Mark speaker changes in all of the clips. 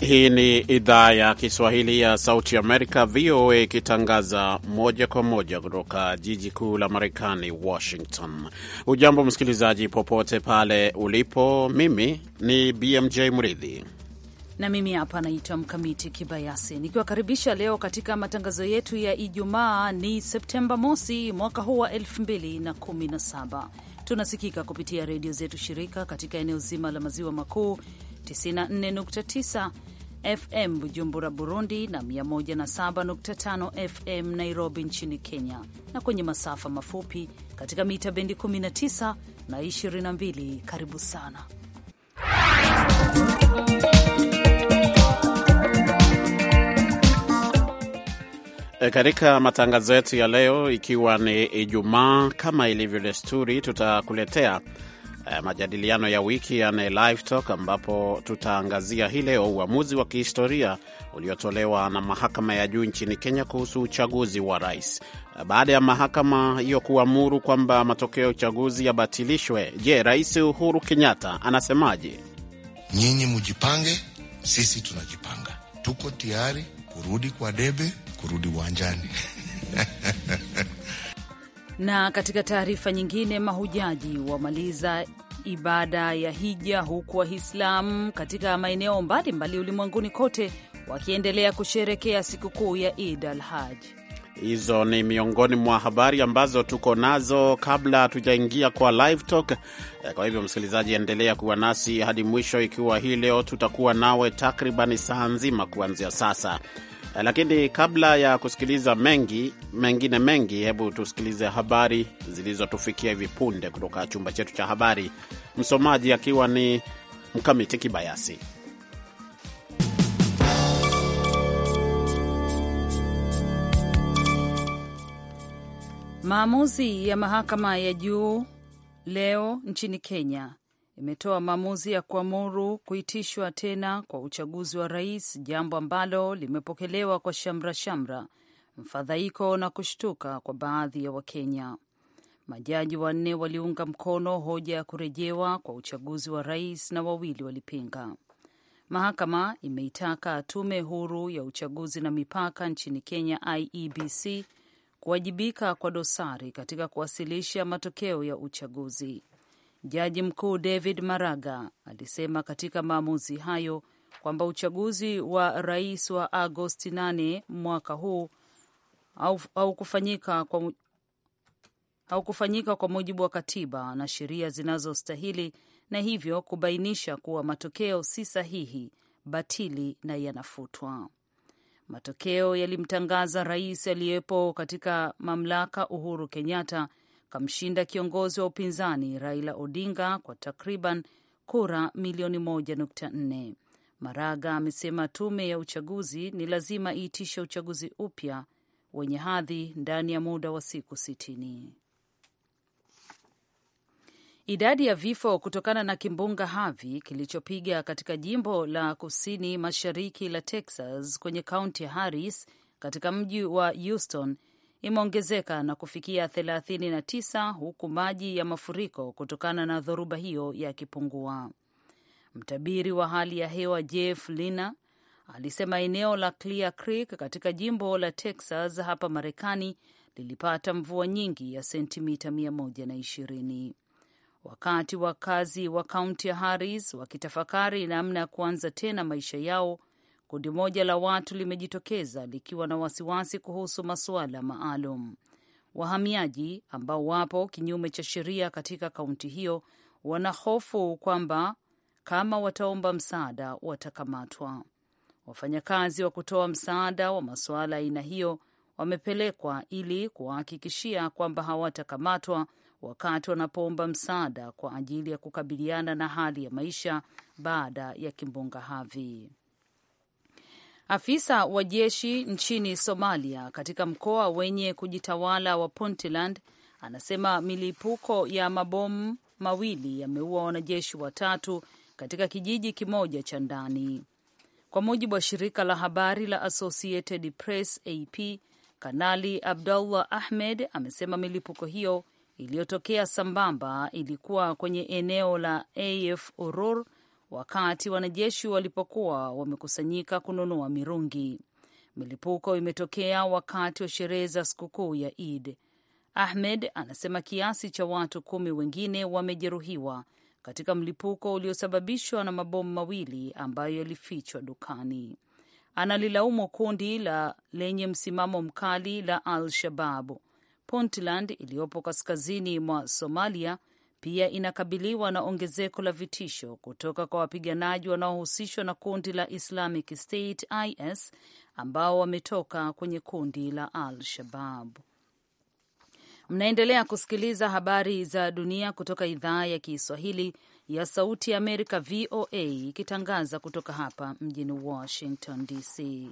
Speaker 1: Hii ni idhaa ya Kiswahili ya Sauti Amerika, VOA, ikitangaza moja kwa moja kutoka jiji kuu la Marekani, Washington. Ujambo msikilizaji, popote pale ulipo. Mimi ni BMJ Mridhi
Speaker 2: na mimi hapa naitwa Mkamiti Kibayasi nikiwakaribisha leo katika matangazo yetu ya Ijumaa. Ni Septemba mosi mwaka huu wa 2017. Tunasikika kupitia redio zetu shirika katika eneo zima la maziwa makuu 94.9 FM Bujumbura, Burundi na 107.5 FM Nairobi nchini Kenya, na kwenye masafa mafupi katika mita bendi 19 na 22. Karibu sana
Speaker 1: E, katika matangazo yetu ya leo, ikiwa ni Ijumaa, kama ilivyo desturi, tutakuletea e, majadiliano ya wiki yani live talk, ambapo tutaangazia hii leo uamuzi wa kihistoria uliotolewa na mahakama ya juu nchini Kenya kuhusu uchaguzi wa rais. Eh, baada ya mahakama hiyo kuamuru kwamba matokeo ya uchaguzi yabatilishwe, je, Rais Uhuru Kenyatta anasemaje?
Speaker 3: Nyinyi mujipange, sisi tunajipanga, tuko tayari kurudi kwa debe kurudi uwanjani.
Speaker 2: Na katika taarifa nyingine, mahujaji wamaliza ibada ya hija huku Waislamu katika maeneo mbalimbali ulimwenguni kote wakiendelea kusherekea sikukuu ya Id al Haj.
Speaker 1: Hizo ni miongoni mwa habari ambazo tuko nazo kabla hatujaingia kwa live talk. Kwa hivyo, msikilizaji, endelea kuwa nasi hadi mwisho, ikiwa hii leo tutakuwa nawe takriban saa nzima kuanzia sasa Eh, lakini kabla ya kusikiliza mengi mengine mengi, hebu tusikilize habari zilizotufikia hivi punde kutoka chumba chetu cha habari, msomaji akiwa ni Mkamiti Kibayasi.
Speaker 2: Maamuzi ya mahakama ya juu leo nchini Kenya imetoa maamuzi ya kuamuru kuitishwa tena kwa uchaguzi wa rais, jambo ambalo limepokelewa kwa shamra shamra, mfadhaiko na kushtuka kwa baadhi ya Wakenya. Majaji wanne waliunga mkono hoja ya kurejewa kwa uchaguzi wa rais na wawili walipinga. Mahakama imeitaka tume huru ya uchaguzi na mipaka nchini Kenya, IEBC, kuwajibika kwa dosari katika kuwasilisha matokeo ya uchaguzi. Jaji Mkuu David Maraga alisema katika maamuzi hayo kwamba uchaguzi wa rais wa Agosti 8 mwaka huu haukufanyika kwa, haukufanyika kwa mujibu wa katiba na sheria zinazostahili na hivyo kubainisha kuwa matokeo si sahihi, batili na yanafutwa. Matokeo yalimtangaza rais aliyepo katika mamlaka Uhuru Kenyatta kamshinda kiongozi wa upinzani Raila Odinga kwa takriban kura milioni 1.4. Maraga amesema tume ya uchaguzi ni lazima iitishe uchaguzi upya wenye hadhi ndani ya muda wa siku sitini. Idadi ya vifo kutokana na kimbunga Harvey kilichopiga katika jimbo la kusini mashariki la Texas kwenye kaunti ya Harris katika mji wa Houston imeongezeka na kufikia 39 huku maji ya mafuriko kutokana na dhoruba hiyo yakipungua. Mtabiri wa hali ya hewa Jeff Lina alisema eneo la Clear Creek katika jimbo la Texas hapa Marekani lilipata mvua nyingi ya sentimita 120. Wakati wakazi wa kaunti ya Harris wakitafakari namna ya kuanza tena maisha yao kundi moja la watu limejitokeza likiwa na wasiwasi kuhusu masuala maalum. Wahamiaji ambao wapo kinyume cha sheria katika kaunti hiyo wanahofu kwamba kama wataomba msaada watakamatwa. Wafanyakazi wa kutoa msaada wa masuala aina hiyo wamepelekwa ili kuwahakikishia kwamba hawatakamatwa wakati wanapoomba msaada kwa ajili ya kukabiliana na hali ya maisha baada ya kimbunga Harvey. Afisa wa jeshi nchini Somalia katika mkoa wenye kujitawala wa Puntland anasema milipuko ya mabomu mawili yameua wanajeshi watatu katika kijiji kimoja cha ndani. Kwa mujibu wa shirika la habari la Associated Press AP, Kanali Abdullah Ahmed amesema milipuko hiyo iliyotokea sambamba ilikuwa kwenye eneo la AF Urur wakati wanajeshi walipokuwa wamekusanyika kununua mirungi. Milipuko imetokea wakati wa sherehe za sikukuu ya Id. Ahmed anasema kiasi cha watu kumi wengine wamejeruhiwa katika mlipuko uliosababishwa na mabomu mawili ambayo yalifichwa dukani. Analilaumu kundi la lenye msimamo mkali la Al Shababu. Puntland iliyopo kaskazini mwa Somalia pia inakabiliwa na ongezeko la vitisho kutoka kwa wapiganaji wanaohusishwa na kundi la Islamic State IS ambao wametoka kwenye kundi la Al-Shabab. Mnaendelea kusikiliza habari za dunia kutoka idhaa ya Kiswahili ya Sauti ya Amerika, VOA, ikitangaza kutoka hapa mjini Washington DC.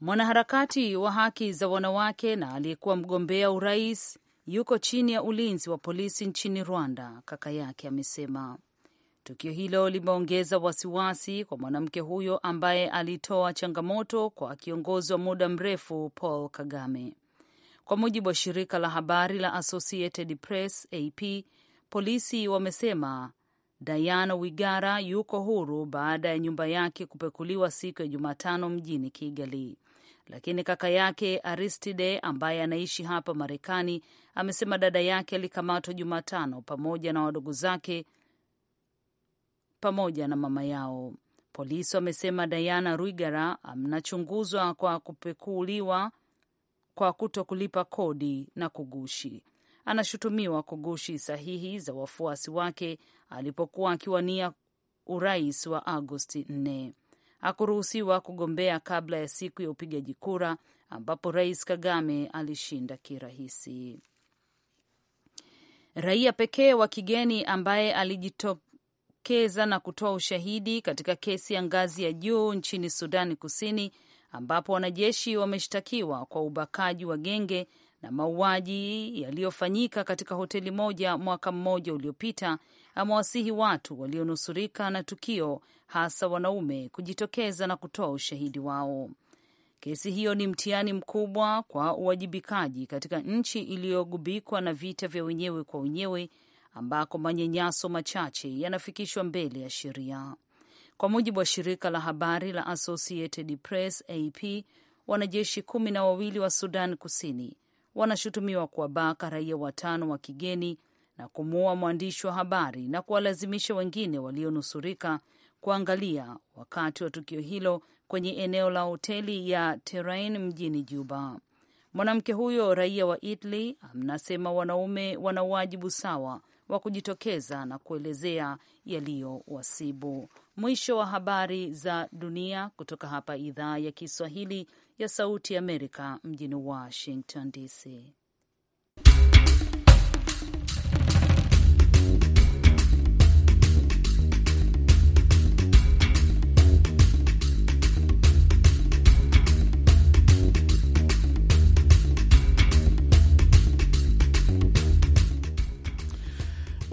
Speaker 2: Mwanaharakati wa haki za wanawake na aliyekuwa mgombea urais yuko chini ya ulinzi wa polisi nchini Rwanda, kaka yake amesema. Tukio hilo limeongeza wasiwasi kwa mwanamke huyo ambaye alitoa changamoto kwa kiongozi wa muda mrefu Paul Kagame. Kwa mujibu wa shirika la habari la Associated Press AP, polisi wamesema Diana Wigara yuko huru baada ya nyumba yake kupekuliwa siku ya Jumatano mjini Kigali lakini kaka yake Aristide ambaye anaishi hapa Marekani amesema dada yake alikamatwa Jumatano pamoja na wadogo zake pamoja na mama yao. Polisi wamesema Diana Ruigara anachunguzwa kwa kupekuliwa kwa kuto kulipa kodi na kugushi. Anashutumiwa kugushi sahihi za wafuasi wake alipokuwa akiwania urais wa Agosti 4 hakuruhusiwa kugombea kabla ya siku ya upigaji kura ambapo Rais Kagame alishinda kirahisi. Raia pekee wa kigeni ambaye alijitokeza na kutoa ushahidi katika kesi ya ngazi ya juu nchini Sudani Kusini ambapo wanajeshi wameshtakiwa kwa ubakaji wa genge na mauaji yaliyofanyika katika hoteli moja mwaka mmoja uliopita amewasihi watu walionusurika na tukio, hasa wanaume, kujitokeza na kutoa ushahidi wao. Kesi hiyo ni mtihani mkubwa kwa uwajibikaji katika nchi iliyogubikwa na vita vya wenyewe kwa wenyewe ambako manyanyaso machache yanafikishwa mbele ya sheria. Kwa mujibu wa shirika la habari la Associated Press AP, wanajeshi kumi na wawili wa Sudan Kusini wanashutumiwa kuwabaka raia watano wa kigeni na kumuua mwandishi wa habari na kuwalazimisha wengine walionusurika kuangalia wakati wa tukio hilo kwenye eneo la hoteli ya Terrain mjini Juba. Mwanamke huyo raia wa Italy anasema wanaume wana wajibu sawa wa kujitokeza na kuelezea yaliyowasibu. Mwisho wa habari za dunia kutoka hapa idhaa ya Kiswahili ya Sauti ya Amerika mjini Washington DC.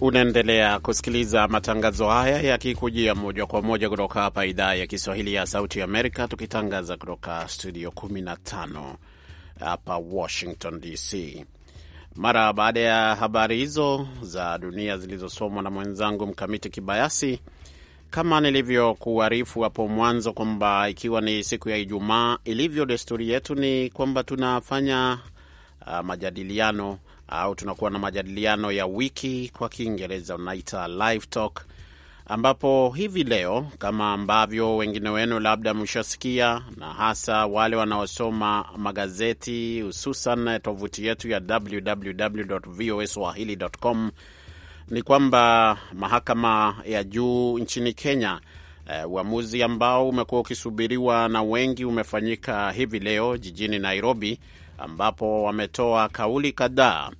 Speaker 1: Unaendelea kusikiliza matangazo haya yakikujia moja kwa moja kutoka hapa idhaa ya Kiswahili ya Sauti Amerika, tukitangaza kutoka studio 15 hapa Washington DC. Mara baada ya habari hizo za dunia zilizosomwa na mwenzangu Mkamiti Kibayasi, kama nilivyokuarifu hapo mwanzo kwamba ikiwa ni siku ya Ijumaa, ilivyo desturi yetu, ni kwamba tunafanya uh, majadiliano au tunakuwa na majadiliano ya wiki kwa Kiingereza unaita live talk, ambapo hivi leo kama ambavyo wengine wenu labda mshasikia, na hasa wale wanaosoma magazeti hususan tovuti yetu ya www.voaswahili.com ni kwamba mahakama ya juu nchini Kenya uh, uamuzi ambao umekuwa ukisubiriwa na wengi umefanyika hivi leo jijini Nairobi ambapo wametoa kauli kadhaa.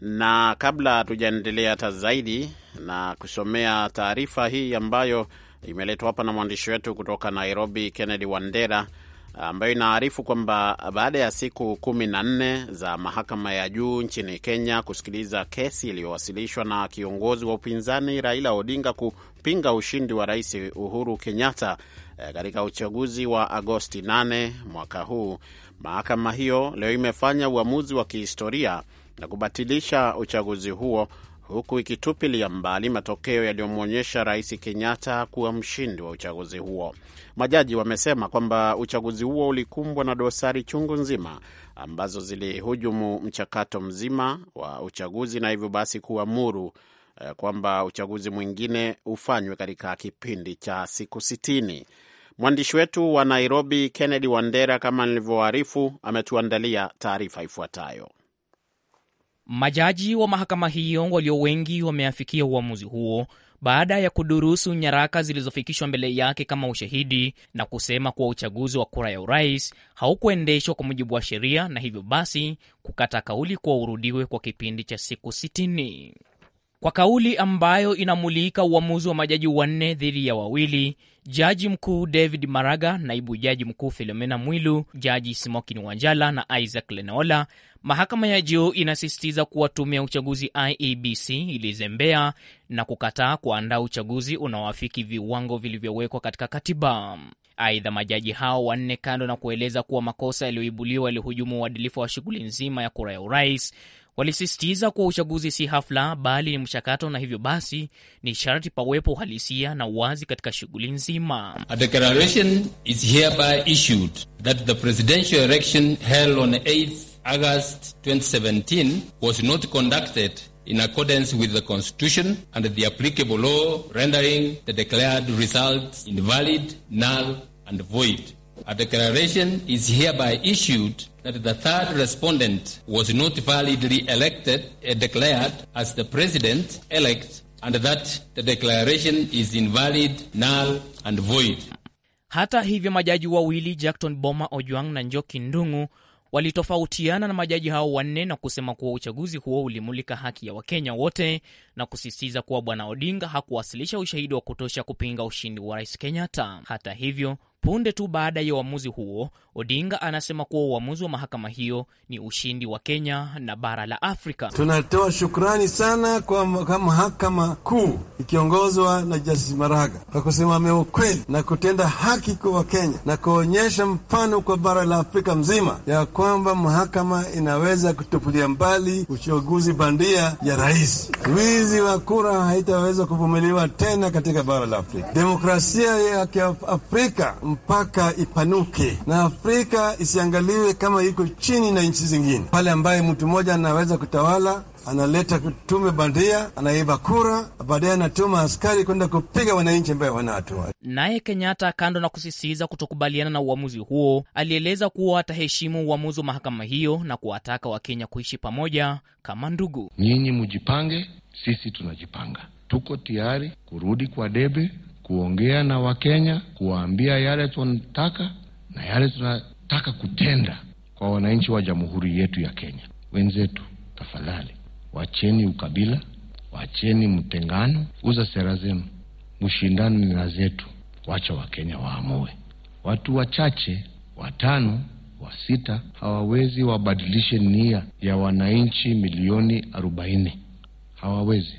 Speaker 1: Na kabla hatujaendelea hata zaidi na kusomea taarifa hii ambayo imeletwa hapa na mwandishi wetu kutoka Nairobi, Kennedy Wandera, ambayo inaarifu kwamba baada ya siku kumi na nne za mahakama ya juu nchini Kenya kusikiliza kesi iliyowasilishwa na kiongozi wa upinzani Raila Odinga kupinga ushindi wa Rais Uhuru Kenyatta eh, katika uchaguzi wa Agosti 8 mwaka huu, Mahakama hiyo leo imefanya uamuzi wa kihistoria na kubatilisha uchaguzi huo huku ikitupilia mbali matokeo yaliyomwonyesha Rais Kenyatta kuwa mshindi wa uchaguzi huo. Majaji wamesema kwamba uchaguzi huo ulikumbwa na dosari chungu nzima ambazo zilihujumu mchakato mzima wa uchaguzi na hivyo basi kuamuru eh, kwamba uchaguzi mwingine ufanywe katika kipindi cha siku sitini. Mwandishi wetu wa Nairobi, Kennedy Wandera, kama nilivyoarifu, ametuandalia taarifa ifuatayo.
Speaker 4: Majaji wa mahakama hiyo walio wengi wameafikia uamuzi huo baada ya kudurusu nyaraka zilizofikishwa mbele yake kama ushahidi na kusema kuwa uchaguzi wa kura ya urais haukuendeshwa kwa mujibu wa sheria na hivyo basi kukata kauli kuwa urudiwe kwa kipindi cha siku sitini, kwa kauli ambayo inamulika uamuzi wa majaji wanne dhidi ya wawili Jaji mkuu David Maraga, naibu jaji mkuu Filomena Mwilu, jaji Smokin Wanjala na Isaac Lenaola. Mahakama ya juu inasisitiza kuwa tume ya uchaguzi IEBC ilizembea na kukataa kuandaa uchaguzi unaoafiki viwango vilivyowekwa katika katiba. Aidha, majaji hao wanne, kando na kueleza kuwa makosa yaliyoibuliwa yalihujumu uadilifu wa shughuli nzima ya kura ya urais, walisisitiza kuwa uchaguzi si hafla bali ni mchakato, na hivyo basi ni sharti pawepo uhalisia na uwazi katika shughuli nzima.
Speaker 3: August 2017 was not conducted
Speaker 1: in accordance with the Constitution and the applicable law, rendering the declared results invalid, null, and void. A declaration is hereby issued that the third respondent was not validly elected, and eh, declared as the president elect, and that the declaration is invalid, null, and void.
Speaker 4: Hata hivyo majaji wawili Jackton Boma ojuang na Njoki Ndung'u walitofautiana na majaji hao wanne na kusema kuwa uchaguzi huo ulimulika haki ya Wakenya wote na kusisitiza kuwa Bwana Odinga hakuwasilisha ushahidi wa kutosha kupinga ushindi wa Rais Kenyatta. Hata hivyo, punde tu baada ya uamuzi huo, Odinga anasema kuwa uamuzi wa mahakama hiyo ni ushindi wa Kenya na bara la Afrika. Tunatoa
Speaker 3: shukrani sana kwa mahakama kuu ikiongozwa na Justice Maraga kwa kusimamia ukweli na kutenda haki kwa Wakenya na kuonyesha mfano kwa bara la Afrika mzima ya kwamba mahakama inaweza kutupilia mbali uchaguzi bandia ya rais. We wizi wa kura haitaweza kuvumiliwa tena katika bara la Afrika. Demokrasia ya kiafrika mpaka ipanuke na Afrika isiangaliwe kama iko chini na nchi zingine, pale ambaye mtu mmoja anaweza kutawala analeta tume bandia, anaiba kura, baadaye anatuma askari kwenda kupiga wananchi ambaye hawana hatua.
Speaker 4: Naye Kenyatta, kando na kusisitiza kutokubaliana na uamuzi huo, alieleza kuwa ataheshimu uamuzi wa mahakama hiyo na kuwataka Wakenya kuishi pamoja kama ndugu. Nyinyi mujipange,
Speaker 3: sisi tunajipanga, tuko tayari kurudi kwa debe, kuongea na Wakenya, kuwaambia yale tunataka na yale tunataka kutenda kwa wananchi wa jamhuri yetu ya Kenya. Wenzetu, tafadhali Wacheni ukabila, wacheni mtengano, uza sera zenu, mshindani na zetu, wacha Wakenya waamue. Watu wachache watano wa sita hawawezi wabadilishe nia ya wananchi milioni arobaini, hawawezi.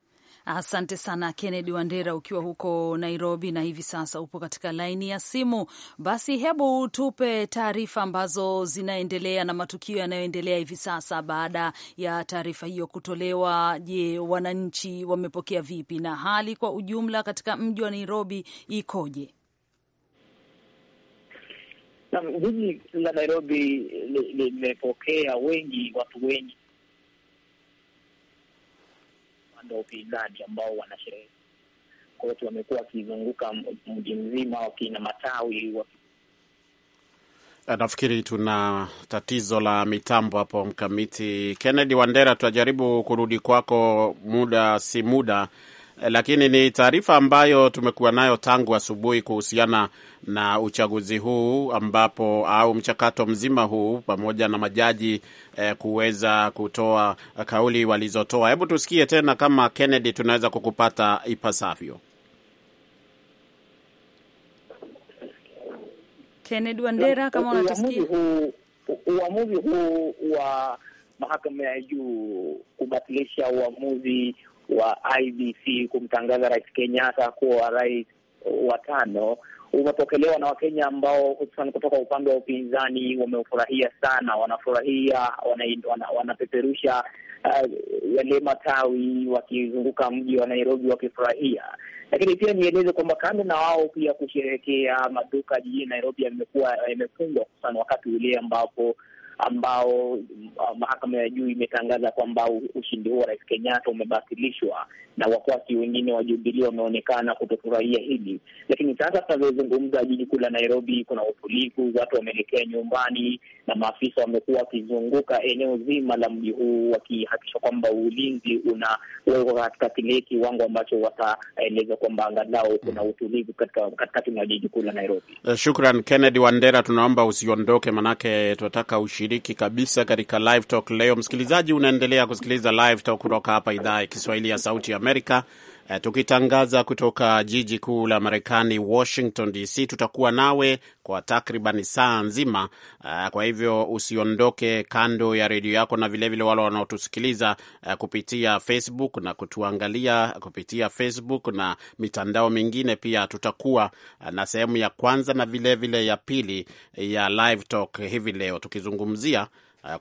Speaker 2: Asante sana Kennedy Wandera, ukiwa huko Nairobi na hivi sasa upo katika laini ya simu. Basi hebu tupe taarifa ambazo zinaendelea na matukio yanayoendelea hivi sasa baada ya taarifa hiyo kutolewa. Je, wananchi wamepokea vipi na hali kwa ujumla katika mji wa Nairobi ikoje?
Speaker 5: Jiji la Nairobi limepokea wengi, watu wengi upande wa upinzani ambao wanashiriki. Kwa wamekuwa wakizunguka mji mzima wakina matawi waki
Speaker 1: Nafikiri tuna tatizo la mitambo hapo, Mkamiti Kennedy Wandera, tutajaribu kurudi kwako muda si muda lakini ni taarifa ambayo tumekuwa nayo tangu asubuhi kuhusiana na uchaguzi huu ambapo au mchakato mzima huu pamoja na majaji eh, kuweza kutoa kauli walizotoa. Hebu tusikie tena kama Kennedy tunaweza kukupata ipasavyo.
Speaker 2: Kennedy Wandera, kama unatusikia.
Speaker 5: Uamuzi huu wa mahakama ya juu kubatilisha uamuzi wa IBC kumtangaza Rais Kenyatta kuwa rais wa tano umepokelewa na Wakenya ambao hususan kutoka upande wa upinzani wameufurahia sana, wanafurahia wana, wanapeperusha wana uh, yale matawi wakizunguka mji wa Nairobi wakifurahia. Lakini pia nieleze kwamba kando na wao pia kusherehekea, maduka jijini Nairobi yamekuwa yamefungwa, hususan wakati ule ambapo ambao um, mahakama ya juu imetangaza kwamba ushindi huo wa Rais Kenyatta umebatilishwa na wafuasi wengine wa Jubilee wameonekana kutofurahia hili. Lakini sasa tunavyozungumza, jiji kuu la Nairobi kuna utulivu, watu wameelekea nyumbani na maafisa wamekuwa wakizunguka eneo zima la mji huu wakihakikisha kwamba ulinzi unawekwa katika kile kiwango ambacho wataeleza kwamba angalau kuna utulivu katika katikati mwa jiji kuu la Nairobi.
Speaker 1: Eh, shukran Kennedy Wandera, tunaomba usiondoke, manake tunataka ushiriki kabisa katika Live Talk leo. Msikilizaji, unaendelea kusikiliza Live Talk kutoka hapa idhaa ya Kiswahili ya Sauti ya Amerika eh, tukitangaza kutoka jiji kuu la Marekani, Washington DC. Tutakuwa nawe kwa takriban saa nzima. Eh, kwa hivyo usiondoke kando ya redio yako, na vilevile wale wanaotusikiliza eh, kupitia Facebook na kutuangalia kupitia Facebook na mitandao mingine, pia tutakuwa na sehemu ya kwanza na vilevile vile ya pili ya Live Talk hivi leo tukizungumzia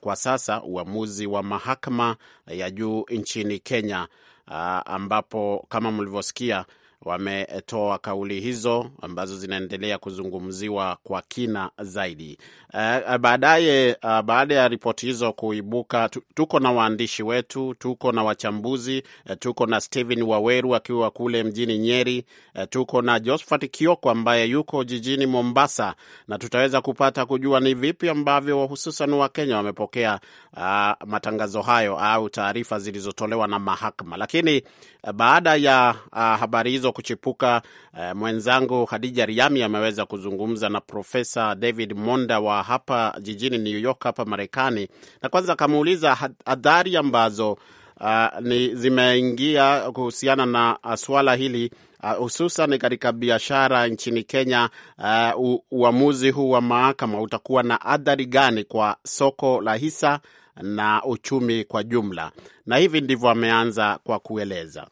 Speaker 1: kwa sasa uamuzi wa mahakama ya juu nchini Kenya Ah, ambapo kama mlivyosikia wametoa kauli hizo ambazo zinaendelea kuzungumziwa kwa kina zaidi. Uh, baadaye uh, baada ya ripoti hizo kuibuka, tuko na waandishi wetu, tuko na wachambuzi, eh, tuko na stehen Waweru akiwa kule mjini Nyeri, tuko na Josphat Kioko ambaye yuko jijini Mombasa, na tutaweza kupata kujua ni vipi ambavyo hususan Wakenya wamepokea uh, matangazo hayo au taarifa zilizotolewa na mahakama. Lakini Eh, baada ya uh, habari hizo kuchipuka, uh, mwenzangu Hadija Riami ameweza kuzungumza na Profesa David Monda wa hapa jijini New York hapa Marekani, na kwanza akamuuliza hadhari ambazo uh, ni zimeingia kuhusiana na ah, suala hili hususan uh, katika biashara nchini Kenya. Uh, u, uamuzi huu wa mahakama utakuwa na adhari gani kwa soko la hisa na uchumi kwa jumla, na hivi ndivyo ameanza kwa kueleza.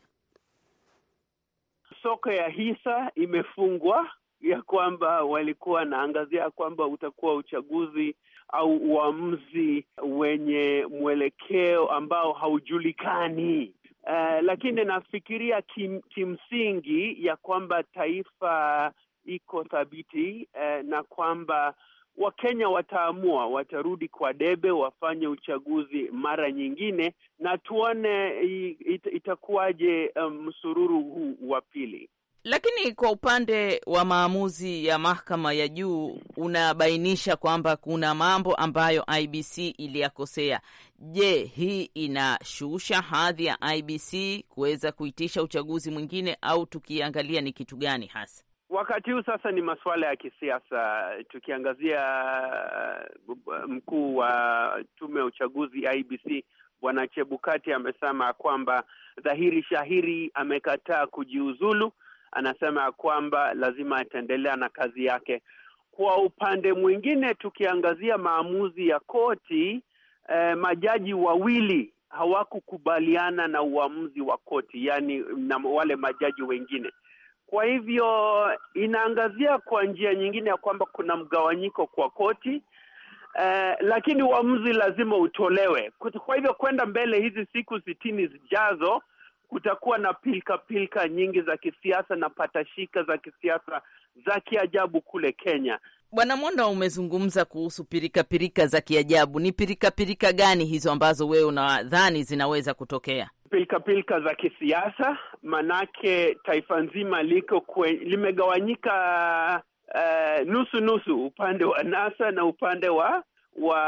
Speaker 3: Soko ya hisa imefungwa, ya kwamba walikuwa wanaangazia kwamba utakuwa uchaguzi au uamuzi wenye mwelekeo ambao haujulikani. Uh, lakini nafikiria kim, kimsingi ya kwamba taifa iko thabiti uh, na kwamba Wakenya wataamua, watarudi kwa debe, wafanye uchaguzi mara nyingine, na tuone it, itakuwaje um, msururu um, huu wa
Speaker 5: pili.
Speaker 4: Lakini kwa upande wa maamuzi ya mahakama ya juu unabainisha kwamba kuna mambo ambayo IBC iliyakosea. Je, hii inashusha hadhi ya IBC kuweza kuitisha uchaguzi mwingine, au tukiangalia ni kitu gani hasa?
Speaker 3: Wakati huu sasa ni masuala ya kisiasa. Tukiangazia uh, mkuu wa tume ya uchaguzi IBC Bwana Chebukati amesema kwamba dhahiri shahiri amekataa kujiuzulu. Anasema ya kwamba lazima ataendelea na kazi yake. Kwa upande mwingine, tukiangazia maamuzi ya koti eh, majaji wawili hawakukubaliana na uamuzi wa koti, yani na wale majaji wengine kwa hivyo inaangazia kwa njia nyingine ya kwamba kuna mgawanyiko kwa koti eh, lakini uamuzi lazima utolewe. Kwa hivyo kwenda mbele, hizi siku sitini zijazo kutakuwa na pilka pilka nyingi za kisiasa na patashika za kisiasa za kiajabu kule Kenya.
Speaker 4: Bwana Monda, umezungumza kuhusu pirikapirika za kiajabu. Ni pirikapirika gani hizo ambazo wewe unadhani zinaweza kutokea?
Speaker 3: pilkapilka pilka za kisiasa, manake taifa nzima liko kwe, limegawanyika uh, nusu nusu, upande wa NASA na upande wa wa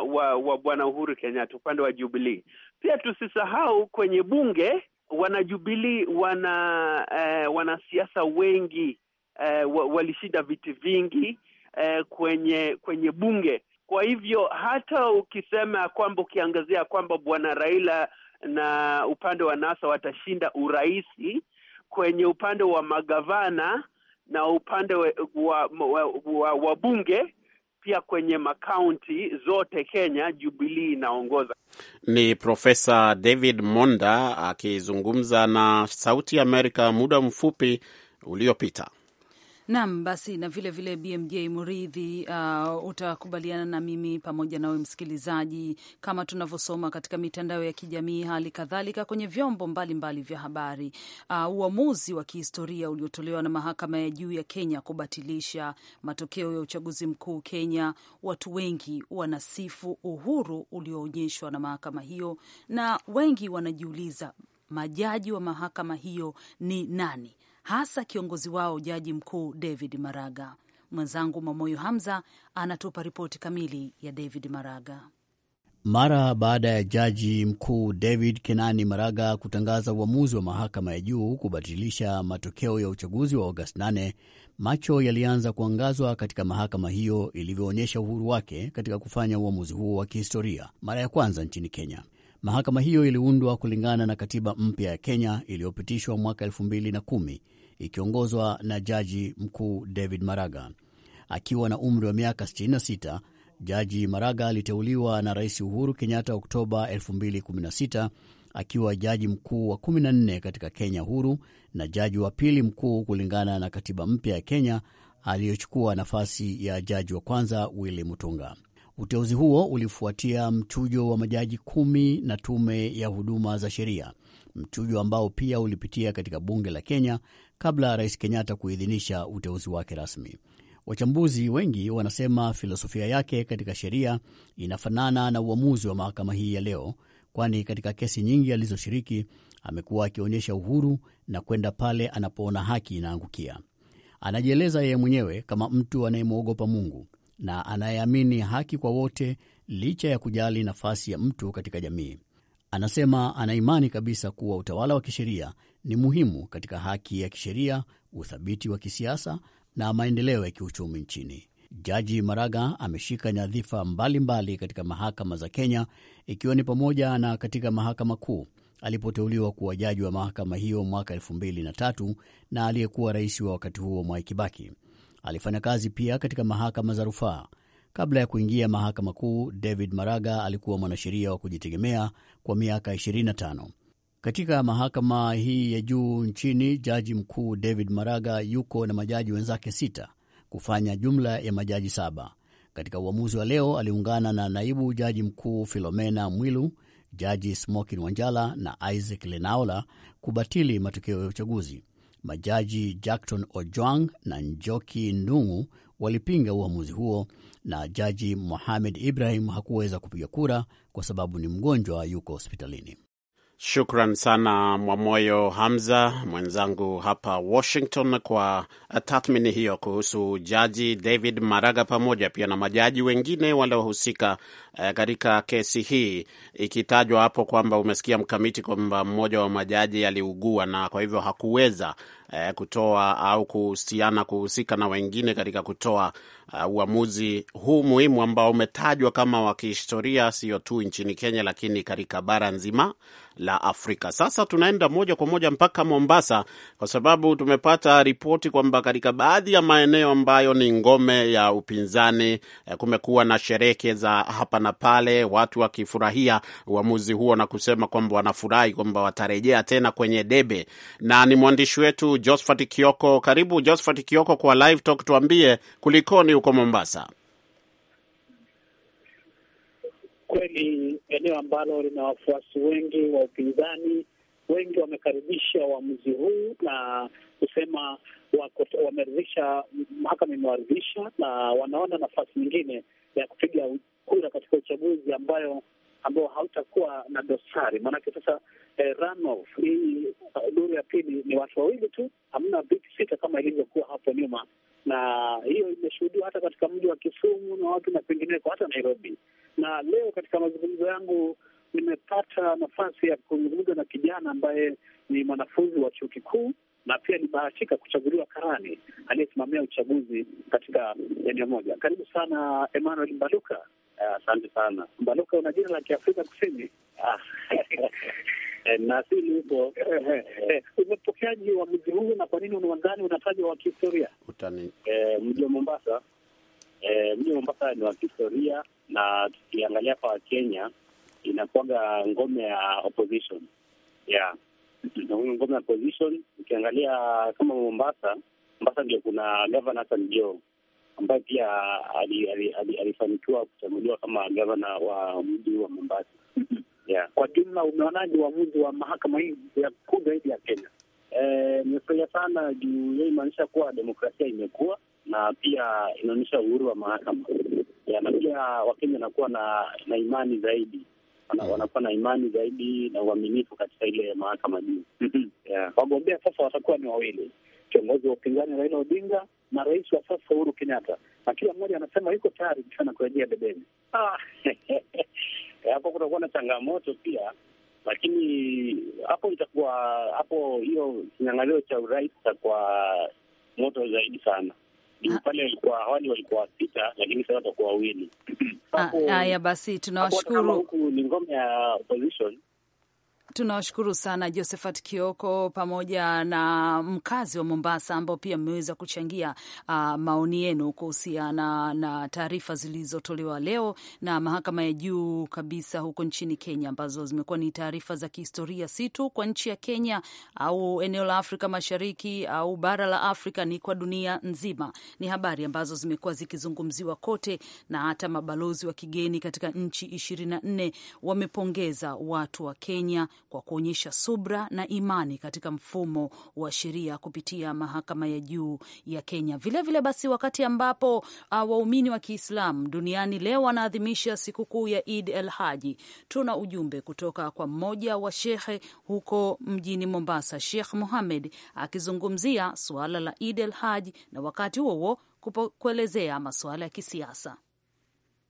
Speaker 3: wa, wa Bwana Uhuru Kenyatta, upande wa Jubilee. Pia tusisahau kwenye bunge wanajubilii wana uh, wanasiasa wengi uh, wa, walishinda viti vingi uh, kwenye kwenye bunge. Kwa hivyo hata ukisema kwamba ukiangazia kwamba bwana Raila na upande wa NASA watashinda urahisi kwenye upande wa magavana na upande wa, wa, wa, wa, wa bunge pia kwenye makaunti zote Kenya jubilii inaongoza.
Speaker 1: Ni Profesa David Monda akizungumza na Sauti ya Amerika muda mfupi uliopita.
Speaker 2: Naam, basi na vile vile BMJ Muridhi, uh, utakubaliana na mimi pamoja nawe msikilizaji, kama tunavyosoma katika mitandao ya kijamii, hali kadhalika kwenye vyombo mbalimbali vya habari, uh, uamuzi wa kihistoria uliotolewa na mahakama ya juu ya Kenya kubatilisha matokeo ya uchaguzi mkuu Kenya, watu wengi wanasifu uhuru ulioonyeshwa na mahakama hiyo, na wengi wanajiuliza majaji wa mahakama hiyo ni nani hasa kiongozi wao Jaji Mkuu David Maraga. Mwenzangu Mamoyo Hamza anatupa ripoti kamili ya David Maraga.
Speaker 6: Mara baada ya jaji mkuu David Kenani Maraga kutangaza uamuzi wa mahakama ya juu kubatilisha matokeo ya uchaguzi wa Agosti 8, macho yalianza kuangazwa katika mahakama hiyo ilivyoonyesha uhuru wake katika kufanya uamuzi huo wa kihistoria mara ya kwanza nchini Kenya. Mahakama hiyo iliundwa kulingana na katiba mpya ya Kenya iliyopitishwa mwaka 2010 ikiongozwa na jaji mkuu David Maraga. Akiwa na umri wa miaka 66, jaji Maraga aliteuliwa na Rais Uhuru Kenyatta Oktoba 2016 akiwa jaji mkuu wa 14 katika Kenya huru na jaji wa pili mkuu kulingana na katiba mpya ya Kenya aliyochukua nafasi ya jaji wa kwanza Willy Mutunga. Uteuzi huo ulifuatia mchujo wa majaji kumi na tume ya huduma za sheria, mchujo ambao pia ulipitia katika bunge la Kenya kabla Rais Kenyatta kuidhinisha uteuzi wake rasmi. Wachambuzi wengi wanasema filosofia yake katika sheria inafanana na uamuzi wa mahakama hii ya leo, kwani katika kesi nyingi alizoshiriki amekuwa akionyesha uhuru na kwenda pale anapoona haki inaangukia. Anajieleza yeye mwenyewe kama mtu anayemwogopa Mungu na anayeamini haki kwa wote, licha ya kujali nafasi ya mtu katika jamii. Anasema ana imani kabisa kuwa utawala wa kisheria ni muhimu katika haki ya kisheria, uthabiti wa kisiasa na maendeleo ya kiuchumi nchini. Jaji Maraga ameshika nyadhifa mbalimbali mbali katika mahakama za Kenya, ikiwa ni pamoja na katika mahakama kuu alipoteuliwa kuwa jaji wa mahakama hiyo mwaka 2003 na aliyekuwa rais wa wakati huo Mwai Kibaki. Alifanya kazi pia katika mahakama za rufaa. Kabla ya kuingia mahakama kuu, David Maraga alikuwa mwanasheria wa kujitegemea kwa miaka 25. Katika mahakama hii ya juu nchini, jaji mkuu David Maraga yuko na majaji wenzake sita kufanya jumla ya majaji saba. Katika uamuzi wa leo aliungana na naibu jaji mkuu Filomena Mwilu, jaji Smokin Wanjala na Isaac Lenaola kubatili matokeo ya uchaguzi. Majaji Jackton Ojwang na Njoki Ndung'u walipinga uamuzi huo na jaji Mohamed Ibrahim hakuweza kupiga kura kwa sababu ni mgonjwa, yuko
Speaker 1: hospitalini. Shukran sana Mwamoyo Hamza, mwenzangu hapa Washington, kwa tathmini hiyo kuhusu jaji David Maraga pamoja pia na majaji wengine waliohusika eh, katika kesi hii, ikitajwa hapo kwamba umesikia mkamiti kwamba mmoja wa majaji aliugua na kwa hivyo hakuweza eh, kutoa au kuhusiana kuhusika na wengine katika kutoa uh, uamuzi huu muhimu ambao umetajwa kama wa kihistoria, sio tu nchini Kenya, lakini katika bara nzima la Afrika. Sasa tunaenda moja kwa moja mpaka Mombasa kwa sababu tumepata ripoti kwamba katika baadhi ya maeneo ambayo ni ngome ya upinzani eh, kumekuwa na sherehe za hapa na pale, watu wakifurahia uamuzi huo na kusema kwamba wanafurahi kwamba watarejea tena kwenye debe. Na ni mwandishi wetu Josphat Kioko. Karibu Josphat Kioko kwa Live Talk, tuambie kulikoni huko Mombasa
Speaker 5: kweli eneo ambalo lina wafuasi wengi wa upinzani. Wengi wamekaribisha uamuzi wa huu na kusema wameridhisha, mahakama imewaridhisha na wanaona nafasi nyingine ya kupiga kura katika uchaguzi ambayo ambao hautakuwa na dosari. Maanake sasa eh, runoff hii uh, duru ya pili ni watu wawili tu, hamna viti sita kama ilivyokuwa hapo nyuma, na hiyo imeshuhudiwa hata katika mji wa Kisumu na watu na pengineko, hata Nairobi na leo katika mazungumzo yangu nimepata nafasi ya kuzungumza na kijana ambaye ni mwanafunzi wa chuo kikuu na pia nibahatika kuchaguliwa karani aliyesimamia uchaguzi katika eneo moja. Karibu sana Emmanuel Mbaluka. Ah, asante uh, sana Mbaluka, una jina la Kiafrika Kusini ah, na asili huko. Eh, umepokeaji wa mji huu na kwa nini unadhani unatajwa wa kihistoria eh, mji wa Mombasa? E, mji wa Mombasa ni wa kihistoria, na tukiangalia kwa Kenya inakuwaga ngome ya opposition yeah, ngome ya opposition. Ukiangalia kama Mombasa, Mombasa ndio kuna gavana Hassan Joho ambaye pia alifanikiwa kuchaguliwa kama gavana wa mji wa Mombasa. Yeah. Kwa jumla wa uamuzi wa mahakama hii ya kuu zaidi ya Kenya? Eh, nimefurahia sana juu hiyo, imaanisha kuwa demokrasia imekuwa na pia inaonyesha uhuru wa mahakama ya, na pia Wakenya wanakuwa na na imani zaidi wana, wanakuwa na imani zaidi na uaminifu katika ile mahakama juu mm-hmm. yeah. Wagombea sasa watakuwa ni wawili, kiongozi wa upinzani Raila Odinga na rais wa sasa Uhuru Kenyatta, na kila mmoja anasema yuko tayari sana kurejea bebeni. Ah, hapo kutakuwa na changamoto pia, lakini hapo itakuwa hapo, hiyo kinyangalio cha urais itakuwa moto zaidi sana. Ah. pale walikuwa awali walikuwa sita, lakini sasa watakuwa wawili.
Speaker 2: Ah, haya basi, tunawashukuru. Huku ni ngome ya opposition Tunawashukuru sana Josephat Kioko pamoja na mkazi wa Mombasa ambao pia mmeweza kuchangia uh, maoni yenu kuhusiana na, taarifa zilizotolewa leo na mahakama ya juu kabisa huko nchini Kenya ambazo zimekuwa ni taarifa za kihistoria, si tu kwa nchi ya Kenya au eneo la Afrika Mashariki au bara la Afrika, ni kwa dunia nzima. Ni habari ambazo zimekuwa zikizungumziwa kote, na hata mabalozi wa kigeni katika nchi ishirini na nne wamepongeza watu wa Kenya kwa kuonyesha subra na imani katika mfumo wa sheria kupitia mahakama ya juu ya Kenya. Vilevile vile basi, wakati ambapo uh, waumini wa Kiislamu duniani leo wanaadhimisha sikukuu ya Id el Haji, tuna ujumbe kutoka kwa mmoja wa shekhe huko mjini Mombasa, Sheikh Muhamed akizungumzia suala la Id el Haji na wakati huo huo kuelezea masuala ya kisiasa.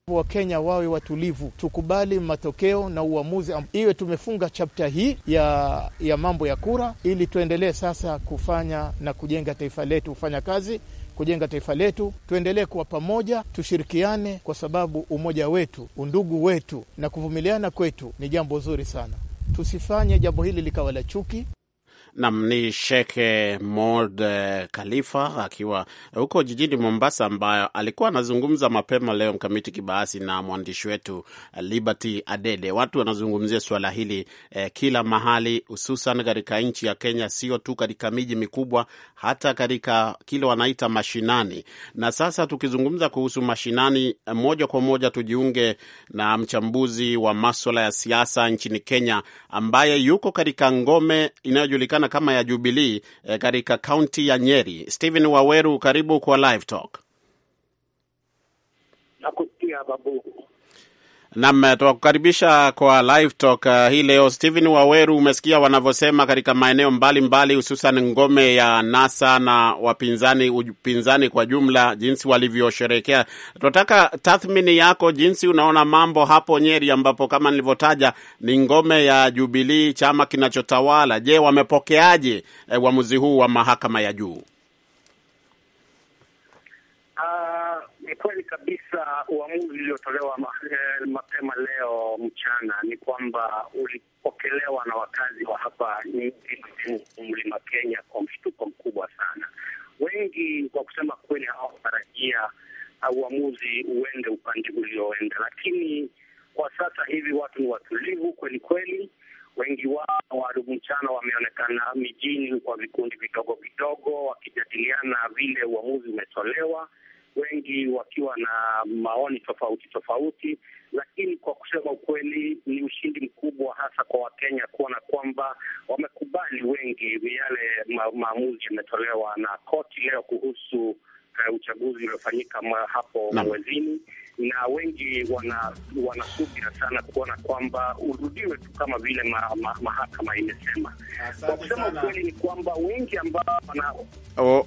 Speaker 3: Wakenya wawe watulivu, tukubali matokeo na uamuzi, iwe tumefunga chapta hii ya, ya mambo ya kura, ili tuendelee sasa kufanya
Speaker 1: na kujenga taifa letu, kufanya kazi kujenga taifa letu. Tuendelee kuwa pamoja, tushirikiane, kwa sababu umoja wetu, undugu wetu na kuvumiliana kwetu ni jambo zuri sana. Tusifanye jambo hili likawa la chuki. Nam ni Shekhe Mold eh, Khalifa akiwa huko jijini Mombasa, ambayo alikuwa anazungumza mapema leo mkamiti kibaasi na mwandishi wetu eh, Liberty Adede. Watu wanazungumzia suala hili eh, kila mahali, hususan katika nchi ya Kenya, sio tu katika miji mikubwa, hata katika kile wanaita mashinani. Na sasa tukizungumza kuhusu mashinani, eh, moja kwa moja tujiunge na mchambuzi wa maswala ya siasa nchini Kenya ambaye yuko katika ngome inayojulikana kama ya jubilii eh, katika kaunti ya Nyeri. Stephen Waweru, karibu kwa Live Talk.
Speaker 5: Nakusikia Babu.
Speaker 1: Nam, tunakukaribisha kwa live talk uh, hii leo. Stephen Waweru, umesikia wanavyosema katika maeneo mbalimbali, hususan ngome ya NASA na wapinzani, upinzani kwa jumla, jinsi walivyosherehekea. Tunataka tathmini yako, jinsi unaona mambo hapo Nyeri, ambapo kama nilivyotaja ni ngome ya Jubilii, chama kinachotawala. Je, wamepokeaje eh, uamuzi eh, huu wa mahakama ya juu?
Speaker 5: Ni kweli kabisa uamuzi uliotolewa eh, mapema leo mchana ni kwamba ulipokelewa na wakazi wa hapa mlima Kenya kwa mshtuko mkubwa sana. Wengi kwa kusema kweli hawakutarajia uh, uamuzi uende upande ulioenda, lakini kwa sasa hivi watu ni watulivu kweli kweli. Wengi wao wadugu mchana wameonekana mijini kwa vikundi vidogo vidogo, wakijadiliana vile uamuzi umetolewa wengi wakiwa na maoni tofauti tofauti, lakini kwa kusema ukweli, ni ushindi mkubwa hasa kwa Wakenya kuona kwamba wamekubali wengi yale ma maamuzi yametolewa na koti leo kuhusu eh, uchaguzi uliofanyika hapo mwezini na wengi wana wanasubira sana kuona kwamba urudiwe tu kama vile ma, ma, mahakama imesema. Kwa kusema ukweli ni kwamba wengi ambao wana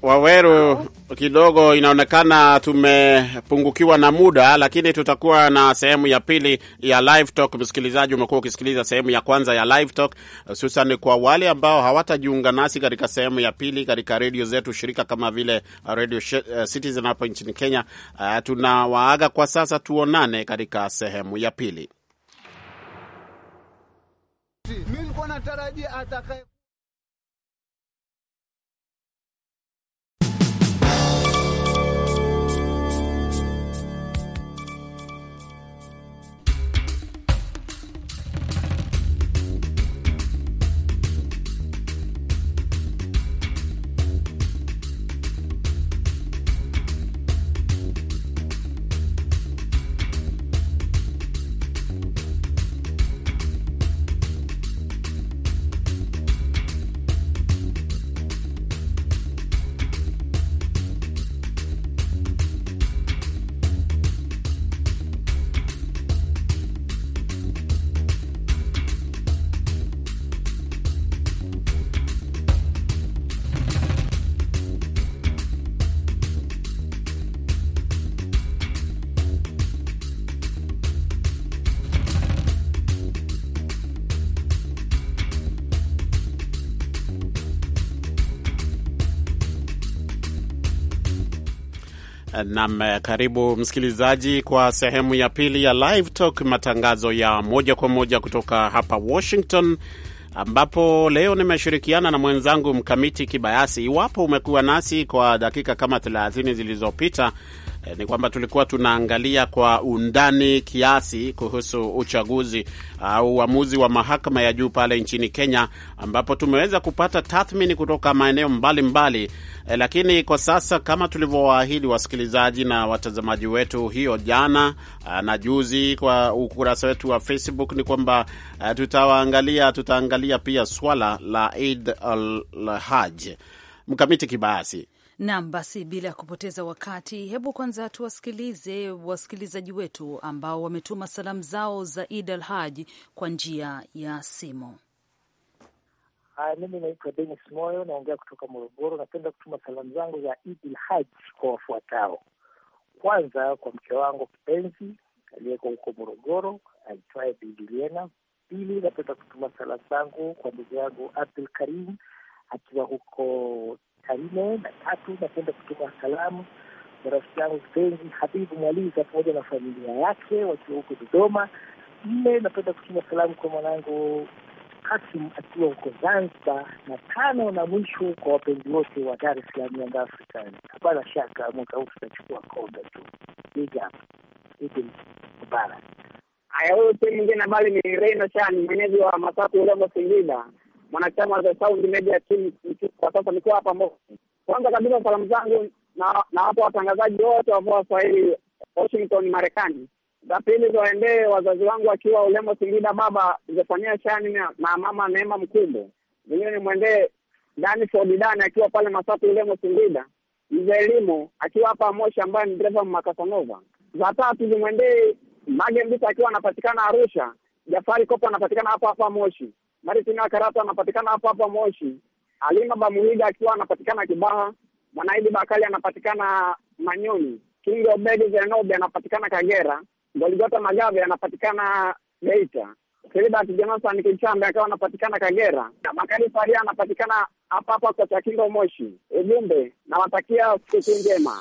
Speaker 1: Waweru, kidogo inaonekana tumepungukiwa na muda, lakini tutakuwa na sehemu ya pili ya live talk. Msikilizaji, umekuwa ukisikiliza sehemu ya kwanza ya live talk, hususan kwa wale ambao hawatajiunga nasi katika sehemu ya pili katika redio zetu shirika kama vile Radio eh, Citizen hapo nchini Kenya. Uh, tunawaaga kwa sasa sasa tuonane katika sehemu ya pili. Nam, eh, karibu msikilizaji kwa sehemu ya pili ya Live Talk, matangazo ya moja kwa moja kutoka hapa Washington, ambapo leo nimeshirikiana na mwenzangu Mkamiti Kibayasi. Iwapo umekuwa nasi kwa dakika kama 30 zilizopita eh, ni kwamba tulikuwa tunaangalia kwa undani kiasi kuhusu uchaguzi ah, au uh, uamuzi wa mahakama ya juu pale nchini Kenya, ambapo tumeweza kupata tathmini kutoka maeneo mbalimbali eh, lakini kwa sasa kama tulivyowaahidi wasikilizaji na watazamaji wetu hiyo jana uh, na juzi kwa ukurasa wetu wa Facebook ni kwamba uh, tutawaangalia tutaangalia pia swala la Eid al-Hajj mkamiti kibayasi
Speaker 2: Nam, basi bila ya kupoteza wakati, hebu kwanza tuwasikilize wasikilizaji wetu ambao wametuma salamu zao za Id al haj kwa njia ya simu.
Speaker 5: Haya, mimi naitwa Denis Moyo, naongea kutoka Morogoro. Napenda kutuma salamu zangu za Id al Haj kwa wafuatao. Kwanza kwa mke wangu kipenzi aliyeko huko Morogoro aitwaye Bibiliena. Pili, napenda kutuma salamu zangu kwa ndugu yangu Abdul Karim akiwa huko saa nne na tatu napenda kutuma salamu na rafiki yangu kipenzi Habibu Mwaliza pamoja na familia yake wakiwa huko Dodoma. Nne, napenda kutuma salamu kwa mwanangu Kasim akiwa huko Zanzibar, na tano na mwisho kwa wapenzi wote wa Dar es Salaam Young Africans. Hapana shaka mwaka huu tutachukua kombe tu. Haya, huyu si mwingine bali ni Reno Chani, mwenyeji wa Matatu Ulembo, Singida mwanachama wa Sound Media Team kwa sasa. Niko hapa Moshi. Kwanza kabisa salamu zangu na na hapo watangazaji wote wa VOA Swahili Washington, Marekani. Za pili ziwaendee wazazi wangu akiwa Ulemo Singida, baba Zefania Shani na mama Neema Mkumbo. Zingine nimwendee Dani Ford akiwa pale Masatu Ulemo Singida, mzee Elimo akiwa hapa Moshi ambaye ni dereva Makasanova. Za tatu zimwendee Mage akiwa anapatikana Arusha, Jafari Kopo anapatikana hapa hapa Moshi. Martin Akarata anapatikana hapo hapa Moshi, alima bamuhiga akiwa anapatikana Kibaha, Mwanaidi Bakali anapatikana Manyoni, Kingi Obedi Zenobe anapatikana Kagera, Goligota magave anapatikana Geita, Filibert Jonathan Kichambe akawa anapatikana Kagera na Bakari Faria anapatikana hapa hapa Kocha Kingo Moshi. Ujumbe, nawatakia siku njema.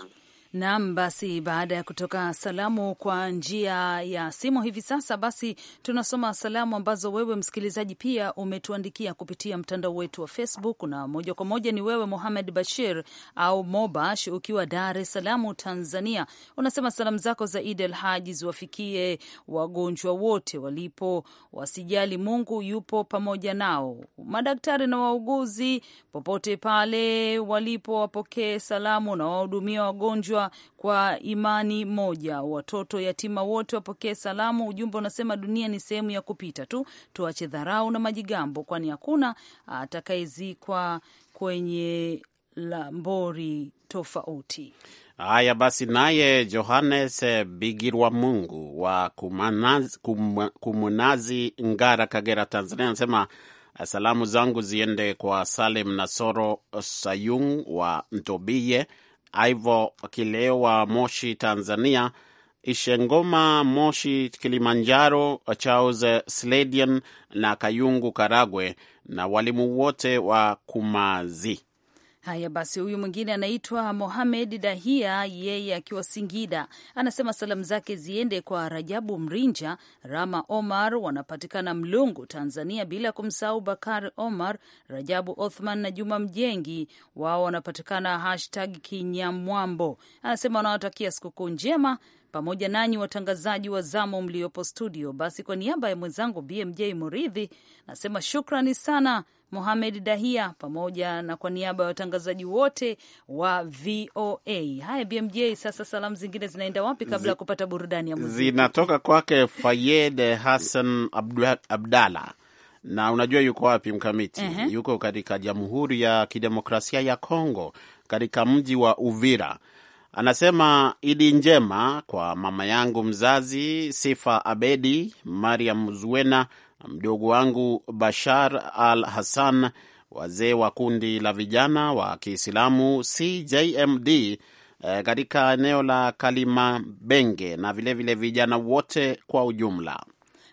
Speaker 2: Naam, basi baada ya kutoka salamu kwa njia ya simu hivi sasa, basi tunasoma salamu ambazo wewe msikilizaji pia umetuandikia kupitia mtandao wetu wa Facebook, na moja kwa moja ni wewe muhamed Bashir au Mobash ukiwa Dar es Salaam, Tanzania. Unasema salamu zako za Id al Haji ziwafikie wagonjwa wote walipo, wasijali, Mungu yupo pamoja nao, madaktari na wauguzi popote pale walipo, wapokee salamu na wahudumia wagonjwa kuzaliwa kwa imani moja. Watoto yatima wote wapokee salamu. Ujumbe unasema dunia ni sehemu ya kupita tu, tuache dharau na majigambo, kwani hakuna atakayezikwa kwenye lambori tofauti.
Speaker 1: Haya basi, naye Johannes Bigirwa Mungu wa Kumanazi, Kum, Kumunazi, Ngara, Kagera, Tanzania anasema salamu zangu ziende kwa Salim Nasoro Sayung wa Mtobiye Ivo Kilewa, Moshi Tanzania, Ishengoma Moshi Kilimanjaro, Charles sladian na Kayungu Karagwe, na walimu wote wa Kumazi.
Speaker 2: Haya basi, huyu mwingine anaitwa Mohamed Dahia, yeye akiwa Singida, anasema salamu zake ziende kwa Rajabu Mrinja, Rama Omar, wanapatikana Mlungu, Tanzania, bila kumsahau Bakari Omar, Rajabu Othman na Juma Mjengi, wao wanapatikana hashtag Kinyamwambo. Anasema wanawatakia sikukuu njema pamoja nanyi watangazaji wa zamu mliopo studio. Basi kwa niaba ya mwenzangu BMJ Muridhi nasema shukrani sana Mohamed Dahia, pamoja na kwa niaba ya watangazaji wote wa VOA. Haya BMJ, sasa salamu zingine zinaenda wapi kabla ya kupata burudani ya muziki?
Speaker 1: Zinatoka kwake Fayed Hassan Abdalla na unajua yuko wapi mkamiti? uh -huh. Yuko katika Jamhuri ya Kidemokrasia ya Kongo katika mji wa Uvira. Anasema idi njema kwa mama yangu mzazi Sifa Abedi, Mariam Zuena, mdogo wangu Bashar al Hassan, wazee wa kundi la vijana wa Kiislamu CJMD eh, katika eneo la Kalimabenge na vilevile vile vijana wote kwa ujumla.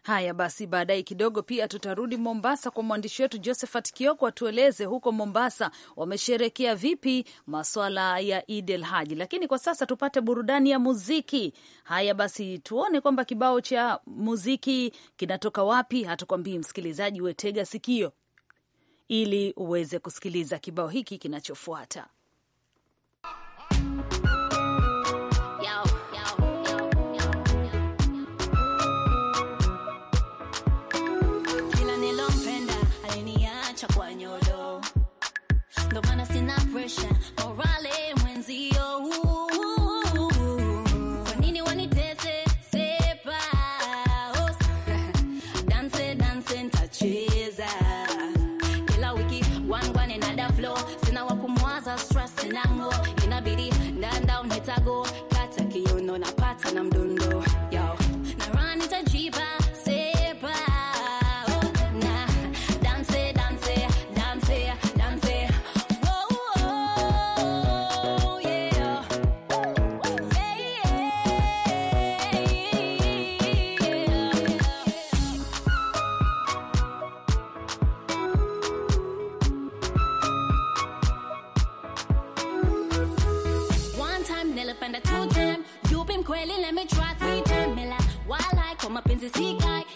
Speaker 2: Haya basi, baadaye kidogo pia tutarudi Mombasa kwa mwandishi wetu Josephat Kioko atueleze huko Mombasa wamesherekea vipi maswala ya id el Haji, lakini kwa sasa tupate burudani ya muziki. Haya basi, tuone kwamba kibao cha muziki kinatoka wapi. Hatukwambii msikilizaji, wetega sikio ili uweze kusikiliza kibao hiki kinachofuata.
Speaker 7: happens is he got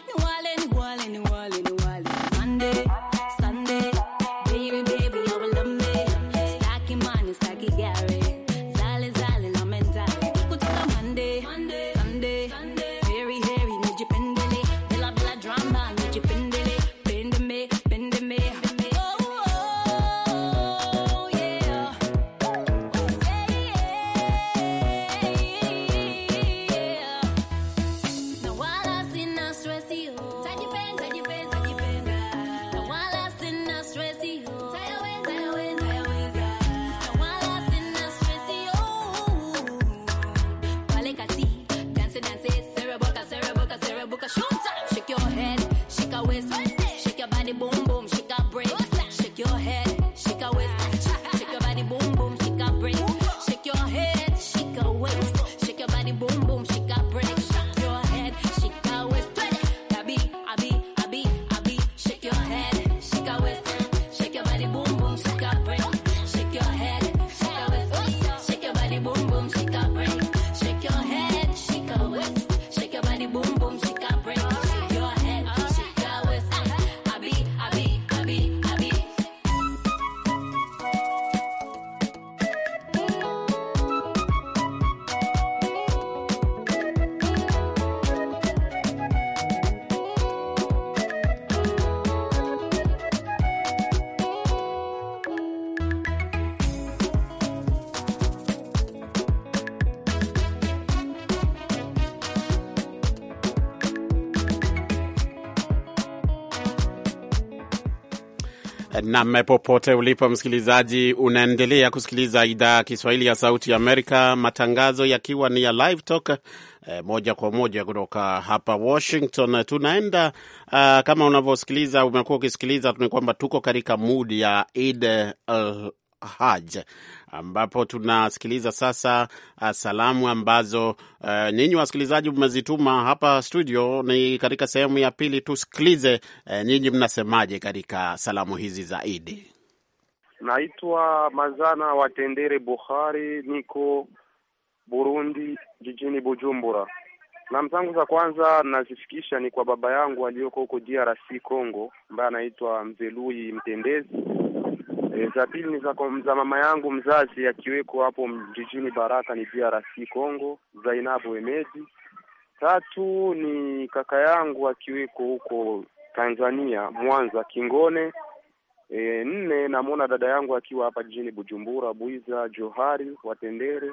Speaker 1: Nam, popote ulipo msikilizaji, unaendelea kusikiliza idhaa ya Kiswahili ya Sauti ya Amerika, matangazo yakiwa ni ya Live Talk eh, moja kwa moja kutoka hapa Washington. Tunaenda uh, kama unavyosikiliza, umekuwa ukisikiliza, ni kwamba tuko katika mudi ya Eid Haj, ambapo tunasikiliza sasa uh, salamu ambazo uh, ninyi wasikilizaji mmezituma hapa studio. Ni katika sehemu ya pili, tusikilize uh, nyinyi mnasemaje katika salamu hizi zaidi.
Speaker 5: Naitwa Mazana watendere buhari Bukhari, niko Burundi, jijini Bujumbura. Salamu zangu za kwanza nazifikisha ni kwa baba yangu aliyoko huko DRC Congo, ambaye anaitwa Mzelui Mtendezi Eh, za pili ni za mama yangu mzazi akiweko hapo jijini Baraka ni DRC Congo, Zainabu Emedi. Tatu ni kaka yangu akiweko huko Tanzania Mwanza Kingone. E, nne namwona dada yangu akiwa hapa jijini Bujumbura Buiza Johari Watendere,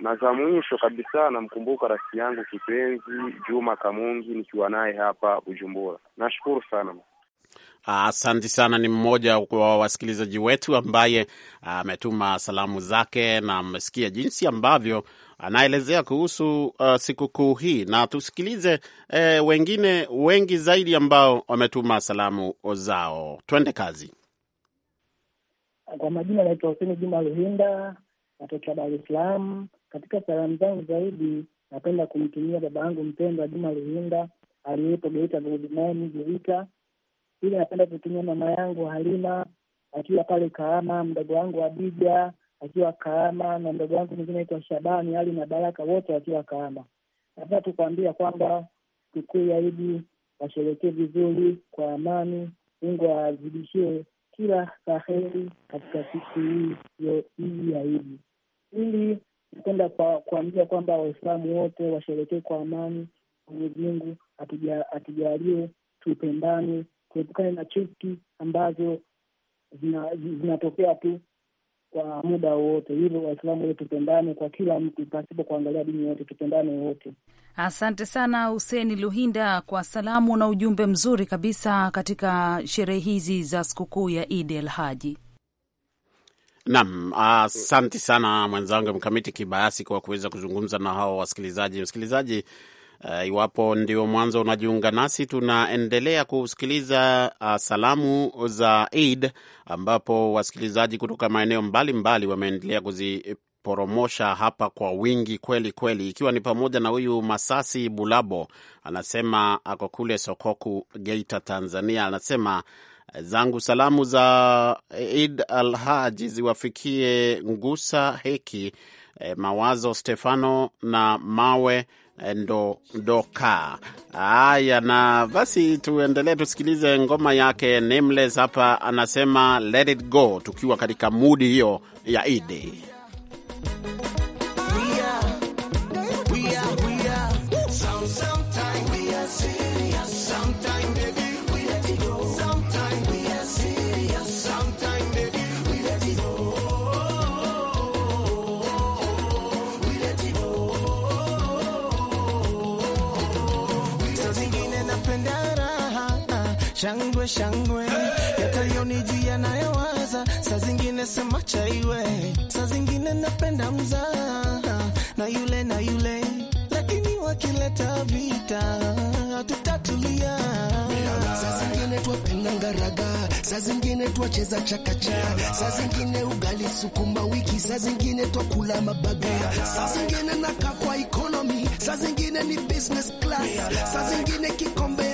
Speaker 5: na za mwisho kabisa namkumbuka rafiki yangu kipenzi Juma Kamungi nikiwa naye hapa Bujumbura. Nashukuru sana.
Speaker 1: Asante sana. Ni mmoja wa wasikilizaji wetu ambaye ametuma salamu zake na amesikia jinsi ambavyo anaelezea kuhusu uh, sikukuu hii, na tusikilize eh, wengine wengi zaidi ambao wametuma salamu zao. Twende kazi.
Speaker 8: Kwa majina anaitwa Huseni Juma Luhinda, natokea Dar es Salaam. Katika salamu zangu zaidi, napenda kumtumia baba yangu mpendwa Juma Luhinda aliyepo Geita Gold Mine Geita ili napenda kutumia mama yangu Halima akiwa pale Kahama, mdogo wangu abija akiwa Kahama, na mdogo wangu mwingine aitwa Shabani Ali na Baraka, wote wakiwa Kahama. Nataka tukuambia kwamba sikukuu ya Idi washerekee vizuri kwa amani. Mungu awazidishie kila laheri katika siku hii hii ya Idi. Ili napenda kuambia kwamba Waislamu wote washerekee kwa amani. Mwenyezi Mungu atujalie tupendane kuepukana na chuki ambazo zinatokea tu kwa muda wowote. Hivyo Waislamu wote tupendane kwa kila mtu pasipo kuangalia dini yote, tupendane wote.
Speaker 2: Asante sana Huseni Luhinda kwa salamu na ujumbe mzuri kabisa katika sherehe hizi za sikukuu ya id el Haji.
Speaker 1: nam asante sana mwenzangu Mkamiti Kibayasi kwa kuweza kuzungumza na hao wasikilizaji. Msikilizaji, Uh, iwapo ndio mwanzo unajiunga nasi, tunaendelea kusikiliza uh, salamu za Eid ambapo wasikilizaji kutoka maeneo mbalimbali wameendelea kuziporomosha hapa kwa wingi kweli kweli, ikiwa ni pamoja na huyu Masasi Bulabo, anasema ako kule Sokoku, Geita, Tanzania. Anasema eh, zangu salamu za Eid al haji ziwafikie Ngusa Heki, eh, Mawazo Stefano na Mawe ndo doka. Haya, na basi tuendelee, tusikilize ngoma yake Nameless. Hapa anasema let it go, tukiwa katika mudi hiyo ya Idi.
Speaker 9: shangwe shangwe hey. Yatalioniji yanayowaza saa zingine sema chaiwe, saa zingine napenda mzaa na yule na yule, lakini wakileta vita tutatulia. Saa zingine twapenda
Speaker 10: ngaraga, saa zingine twacheza chakacha, saa zingine ugali sukuma wiki, saa zingine twakula mabaga, saa zingine nakakwa ikonomi saa zingine ni business class, saa zingine kikombe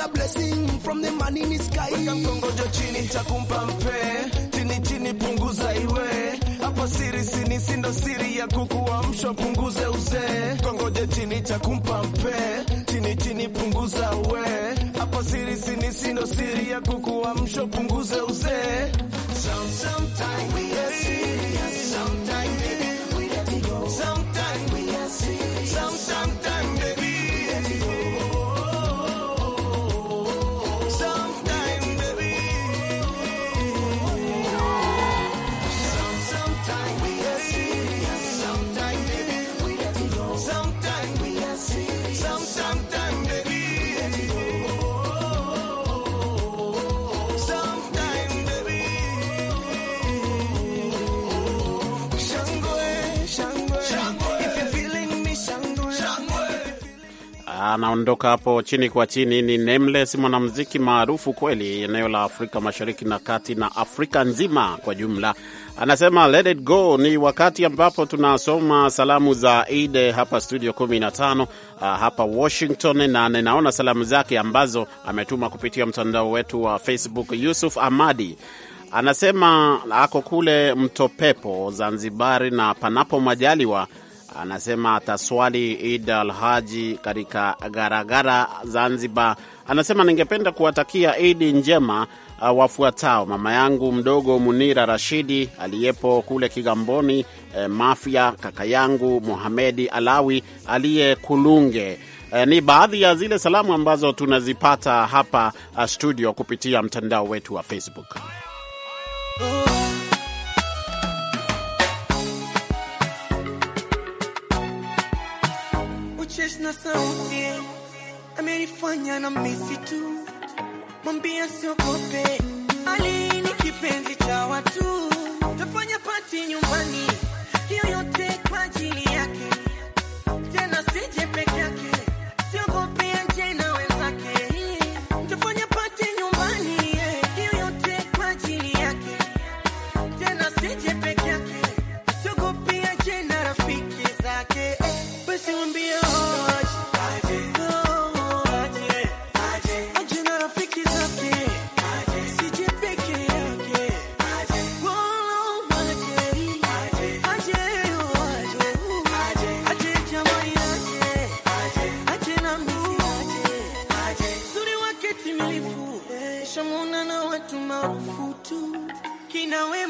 Speaker 10: na blessing from the man in the sky. Weka mkongojo chini takumpa mpe chini chini, punguza iwe hapo siri sini sindo siri ya kukuamsha, punguze uzee. Kongoje chini takumpa mpe chini chini, punguza uwe
Speaker 9: hapo siri sini sindo siri ya kukuamsha, punguze uzee.
Speaker 1: anaondoka hapo chini kwa chini. Ni Nameless, mwanamuziki maarufu kweli eneo la Afrika Mashariki na Kati na Afrika nzima kwa jumla. Anasema let it go. Ni wakati ambapo tunasoma salamu za Eid hapa studio 15 ah, hapa Washington, na ninaona salamu zake ambazo ametuma kupitia mtandao wetu wa Facebook. Yusuf Amadi anasema ako kule Mtopepo Zanzibari, na panapo majaliwa anasema ataswali Id al Haji katika Garagara, Zanzibar. Anasema ningependa kuwatakia Idi njema uh, wafuatao: mama yangu mdogo Munira Rashidi aliyepo kule Kigamboni, e, Mafia, kaka yangu muhamedi Alawi aliye Kulunge. E, eh, ni baadhi ya zile salamu ambazo tunazipata hapa uh, studio kupitia mtandao wetu wa Facebook.
Speaker 9: hiyo sauti amenifanya na misi tu, mwambia siogope, Ali ni kipenzi cha watu, tafanya pati nyumbani, hiyo yote kwa ajili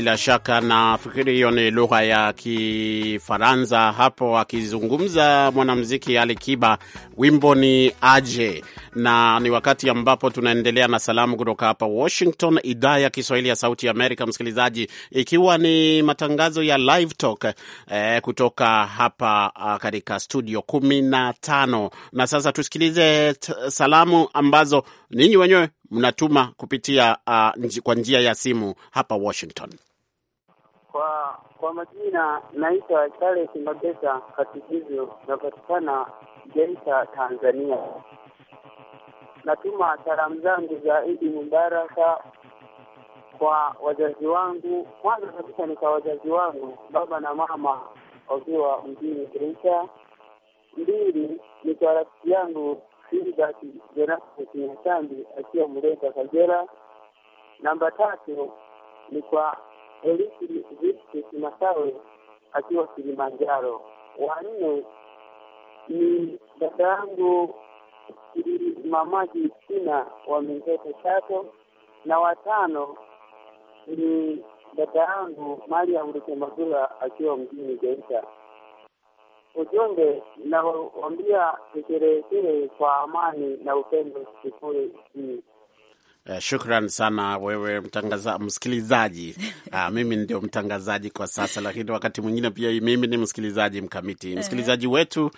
Speaker 1: bila shaka nafikiri hiyo ni lugha ya Kifaransa hapo akizungumza mwanamuziki Ali Kiba, wimbo ni aje. Na ni wakati ambapo tunaendelea na salamu kutoka hapa Washington, idhaa ya Kiswahili ya Sauti ya Amerika. Msikilizaji, ikiwa ni matangazo ya Live Talk eh, kutoka hapa ah, katika studio kumi na tano. Na sasa tusikilize salamu ambazo ninyi wenyewe mnatuma kupitia uh, kwa njia ya simu hapa Washington.
Speaker 5: Kwa kwa majina naitwa Charles Magesa Katikizyo, napatikana Geita, Tanzania. Natuma salamu zangu za Idi Mubaraka kwa wazazi wangu. Kwanza kabisa ni kwa wazazi wangu baba na mama wakiwa mjini Geita. Mbili ni kwa rafiki yangu Filibert Jonasi Kinyasambi akiwa Mleta, Kagera. Namba tatu ni kwa Elisi Viki Kimasawe akiwa Kilimanjaro. Wanne ni dada yangu Mamaji China wa Mindete Chato, na watano ni dada yangu Mariam Rutemagula akiwa mjini Geita. Ujumbe nawaambia tukerejee kwa amani na upendo sifuri hii
Speaker 1: Uh, shukran sana wewe mtangaza, msikilizaji. Uh, mimi ndio mtangazaji kwa sasa, lakini wakati mwingine pia mimi ni msikilizaji mkamiti. Msikilizaji wetu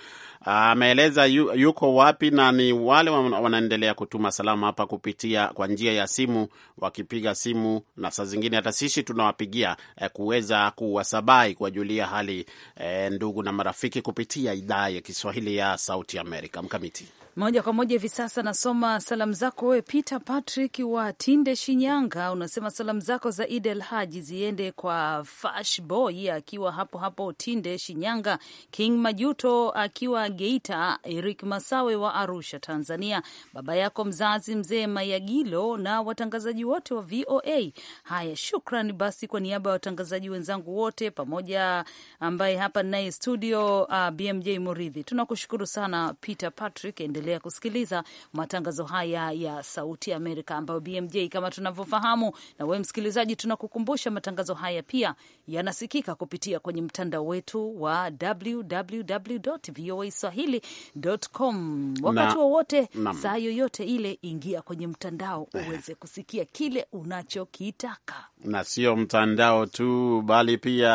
Speaker 1: ah, ameeleza uh, yu, yuko wapi na ni wale wanaendelea kutuma salamu hapa kupitia kwa njia ya simu, wakipiga simu na saa zingine hata sisi tunawapigia uh, kuweza kuwasabai kuwajulia hali uh, ndugu na marafiki kupitia idhaa ya Kiswahili ya Sauti Amerika mkamiti
Speaker 2: moja kwa moja hivi sasa nasoma salamu zako wewe, Peter Patrick wa Tinde, Shinyanga. Unasema salamu zako za Id el Haji ziende kwa Fash Boy akiwa hapo hapo Tinde, Shinyanga, King Majuto akiwa Geita, Eric Masawe wa Arusha, Tanzania, baba yako mzazi Mzee Mayagilo na watangazaji wote wa VOA. Haya, shukran basi. Kwa niaba ya watangazaji wenzangu wote pamoja, ambaye hapa naye studio, uh, BMJ Muridhi, tunakushukuru sana Peter Patrick unaendelea kusikiliza matangazo haya ya Sauti ya Amerika, ambayo BMJ kama tunavyofahamu na wewe msikilizaji, tunakukumbusha matangazo haya pia yanasikika kupitia kwenye mtandao wetu wa www.voaswahili.com. Wakati wowote wa saa yoyote ile, ingia kwenye mtandao eh. uweze kusikia kile unachokitaka,
Speaker 1: na sio mtandao tu, bali pia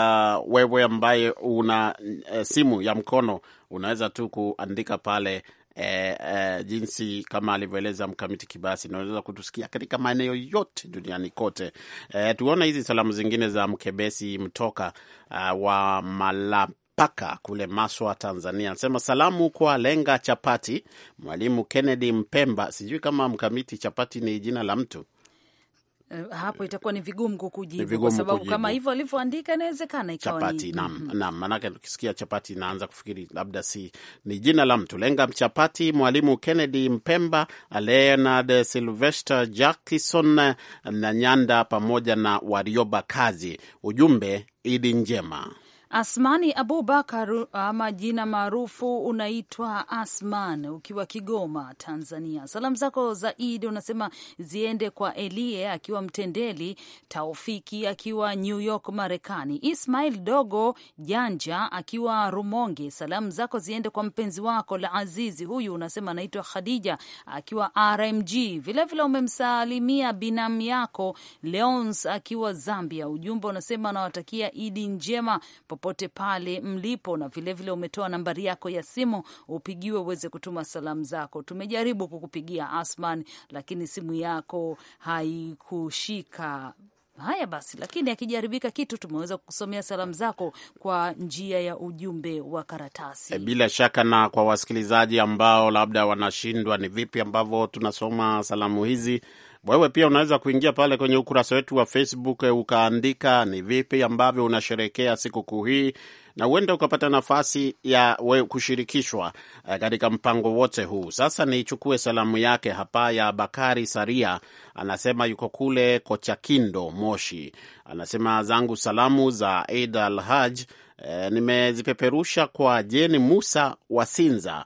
Speaker 1: wewe ambaye una e, simu ya mkono unaweza tu kuandika pale eh, eh, jinsi kama alivyoeleza mkamiti Kibasi, naweza kutusikia katika maeneo yote duniani kote. Eh, tuone hizi salamu zingine za mkebesi mtoka uh, wa mala paka kule Maswa, Tanzania, anasema salamu kwa Lenga Chapati, Mwalimu Kennedy Mpemba. Sijui kama mkamiti Chapati ni jina la mtu
Speaker 2: Eh, hapo itakuwa ni vigumu kukujibu kwa sababu kujibu. Kama hivyo alivyoandika inawezekana ikawa chapati. Naam, mhm.
Speaker 1: naam, maanake ukisikia chapati naanza kufikiri labda si ni jina la mtu. Lenga mchapati, Mwalimu Kennedy Mpemba, Leonard Sylvester Jackson na Nyanda pamoja na Warioba Kazi. Ujumbe, Idi njema.
Speaker 2: Asmani Abubakar ama jina maarufu unaitwa Asman, ukiwa Kigoma, Tanzania. Salamu zako za Eid unasema ziende kwa Elie akiwa Mtendeli, Taufiki akiwa New York Marekani, Ismail Dogo Janja akiwa Rumonge. Salamu zako ziende kwa mpenzi wako la azizi, huyu unasema anaitwa Khadija akiwa RMG. Vilevile vile umemsalimia binamu yako Leons akiwa Zambia. Ujumbe unasema anawatakia Idi njema popote pale mlipo, na vilevile umetoa nambari yako ya simu upigiwe uweze kutuma salamu zako. Tumejaribu kukupigia Asman, lakini simu yako haikushika. Haya basi, lakini akijaribika kitu, tumeweza kukusomea salamu zako kwa njia ya ujumbe wa karatasi,
Speaker 1: eh, bila shaka. Na kwa wasikilizaji ambao labda wanashindwa ni vipi ambavyo tunasoma salamu hizi wewe pia unaweza kuingia pale kwenye ukurasa wetu wa Facebook eh, ukaandika ni vipi ambavyo unasherekea sikukuu hii, na huenda ukapata nafasi ya we kushirikishwa eh, katika mpango wote huu. Sasa niichukue salamu yake hapa ya Bakari Saria, anasema yuko kule kocha kindo Moshi. Anasema zangu salamu za Eid al Haj e, eh, nimezipeperusha kwa Jeni Musa wa Sinza,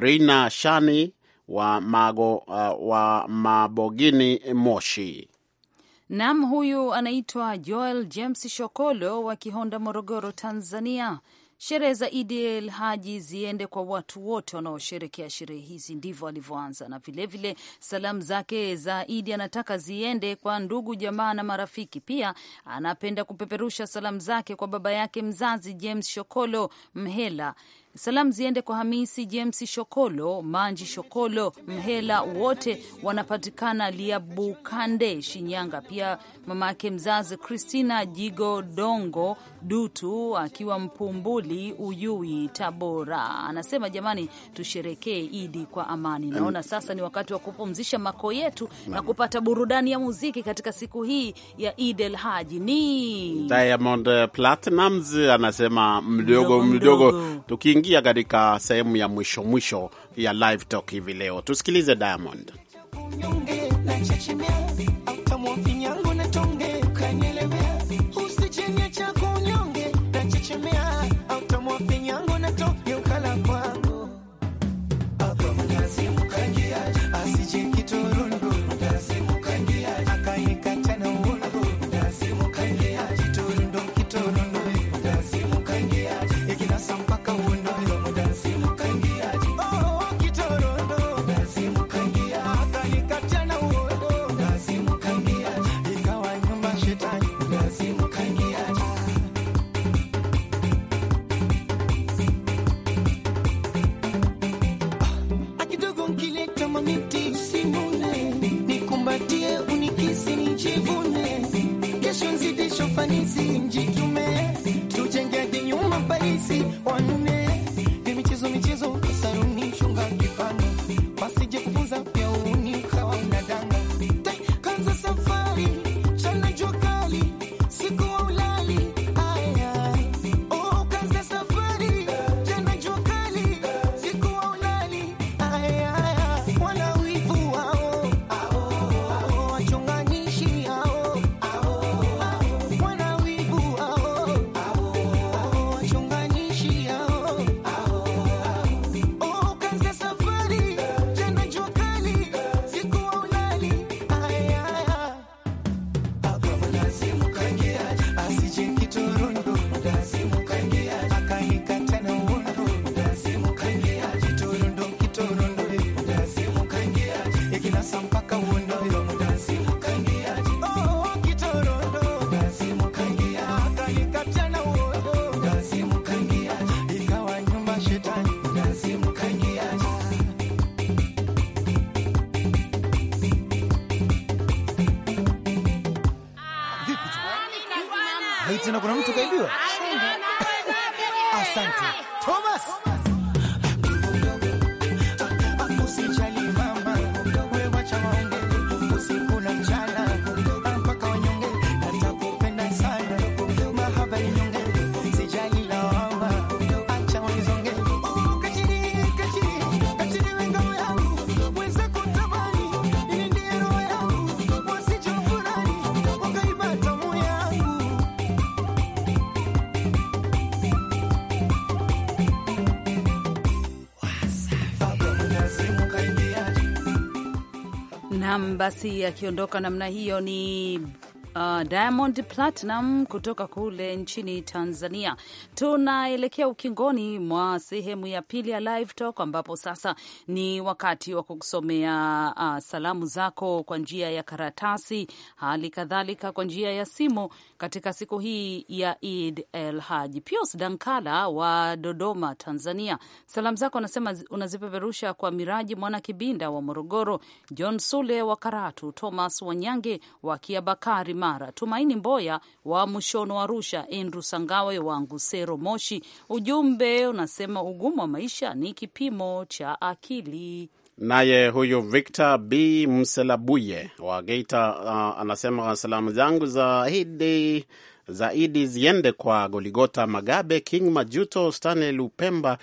Speaker 1: Rina Shani wa, mago, uh, wa Mabogini Moshi.
Speaker 2: Nam, huyu anaitwa Joel James Shokolo wa Kihonda, Morogoro, Tanzania. Sherehe za Idi el Haji ziende kwa watu wote wanaosherekea sherehe hizi, ndivyo alivyoanza. Na vilevile salamu zake za Idi anataka ziende kwa ndugu jamaa na marafiki. Pia anapenda kupeperusha salamu zake kwa baba yake mzazi James Shokolo Mhela, Salamu ziende kwa Hamisi James Shokolo, Manji Shokolo, Mhela, wote wanapatikana Liabukande, Shinyanga. Pia mama yake mzazi Kristina Jigo Dongo Dutu akiwa Mpumbuli, Uyui, Tabora, anasema jamani, tusherekee Idi kwa amani. Naona sasa ni wakati wa kupumzisha mako yetu na kupata burudani ya muziki katika siku hii ya Id Haji. Ni
Speaker 1: Diamond Platnumz anasema mdogo mdogo, mdogo tunaingia katika sehemu ya mwisho mwisho ya live talk hivi leo. Tusikilize Diamond
Speaker 9: tena kuna mtu kaibiwa.
Speaker 10: Asante Thomas.
Speaker 2: basi akiondoka namna hiyo ni uh, Diamond Platinum kutoka kule nchini Tanzania. Tunaelekea ukingoni mwa sehemu ya pili ya Live Talk ambapo sasa ni wakati wa kukusomea uh, salamu zako kwa njia ya karatasi, hali kadhalika kwa njia ya simu katika siku hii ya Eid el haj Pius Dankala wa Dodoma, Tanzania, salamu zako anasema unazipeperusha kwa Miraji Mwana Kibinda wa Morogoro, John Sule wa Karatu, Thomas Wanyange wa Kiabakari Imara, Tumaini Mboya wa Mushono Arusha, Andrew Sangawe wa Ngusero Moshi. Ujumbe unasema ugumu wa maisha ni kipimo cha akili.
Speaker 1: Naye huyu Victor B Mselabuye wa Geita uh, anasema salamu zangu za hidi zaidi ziende kwa Goligota Magabe, King Majuto, Stanley Lupemba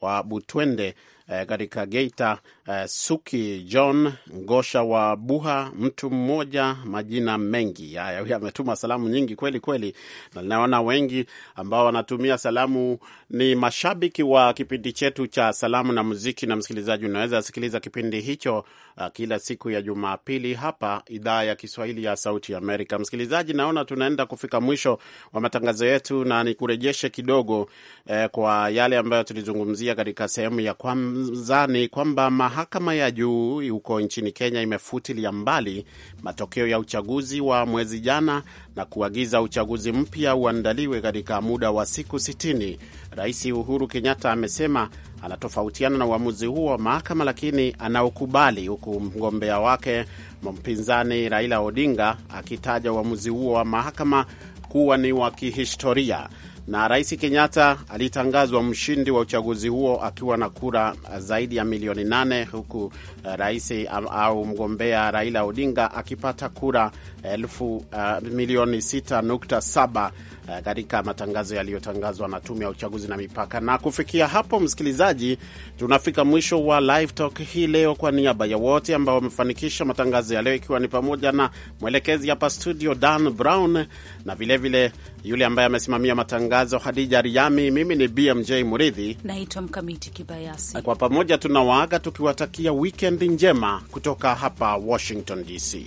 Speaker 1: wa Butwende eh, katika eh, Geita uh, Suki John Ngosha wa Buha, mtu mmoja, majina mengi haya. Huyu ametuma salamu nyingi kweli kweli, na naona wengi ambao wanatumia salamu ni mashabiki wa kipindi chetu cha salamu na muziki. Na msikilizaji, unaweza sikiliza kipindi hicho uh, kila siku ya Jumapili hapa idhaa ya Kiswahili ya Sauti Amerika. Msikilizaji, naona tunaenda kufika mwisho wa matangazo yetu, na nikurejeshe kidogo eh, kwa yale ambayo tulizungumzia katika sehemu ya kwanza, ni kwamba Mahakama ya juu huko nchini Kenya imefutilia mbali matokeo ya uchaguzi wa mwezi jana na kuagiza uchaguzi mpya uandaliwe katika muda wa siku 60. Rais Uhuru Kenyatta amesema anatofautiana na uamuzi huo wa mahakama, lakini anaokubali, huku mgombea wake mpinzani Raila Odinga akitaja uamuzi huo wa mahakama kuwa ni wa kihistoria na Rais Kenyatta alitangazwa mshindi wa uchaguzi huo akiwa na kura zaidi ya milioni nane huku rais au mgombea Raila Odinga akipata kura elfu, uh, milioni 6.7 uh, katika matangazo yaliyotangazwa na tume ya uchaguzi na mipaka. Na kufikia hapo, msikilizaji, tunafika mwisho wa live talk hii leo. Kwa niaba ya wote ambao wamefanikisha matangazo ya leo, ikiwa ni pamoja na mwelekezi hapa studio Dan Brown na vilevile vile yule ambaye amesimamia matangazo Hadija Riami, mimi ni BMJ Muridhi
Speaker 2: naitwa Mkamiti Kibayasi.
Speaker 1: Kwa pamoja tunawaaga tukiwatakia wikendi njema kutoka hapa Washington DC.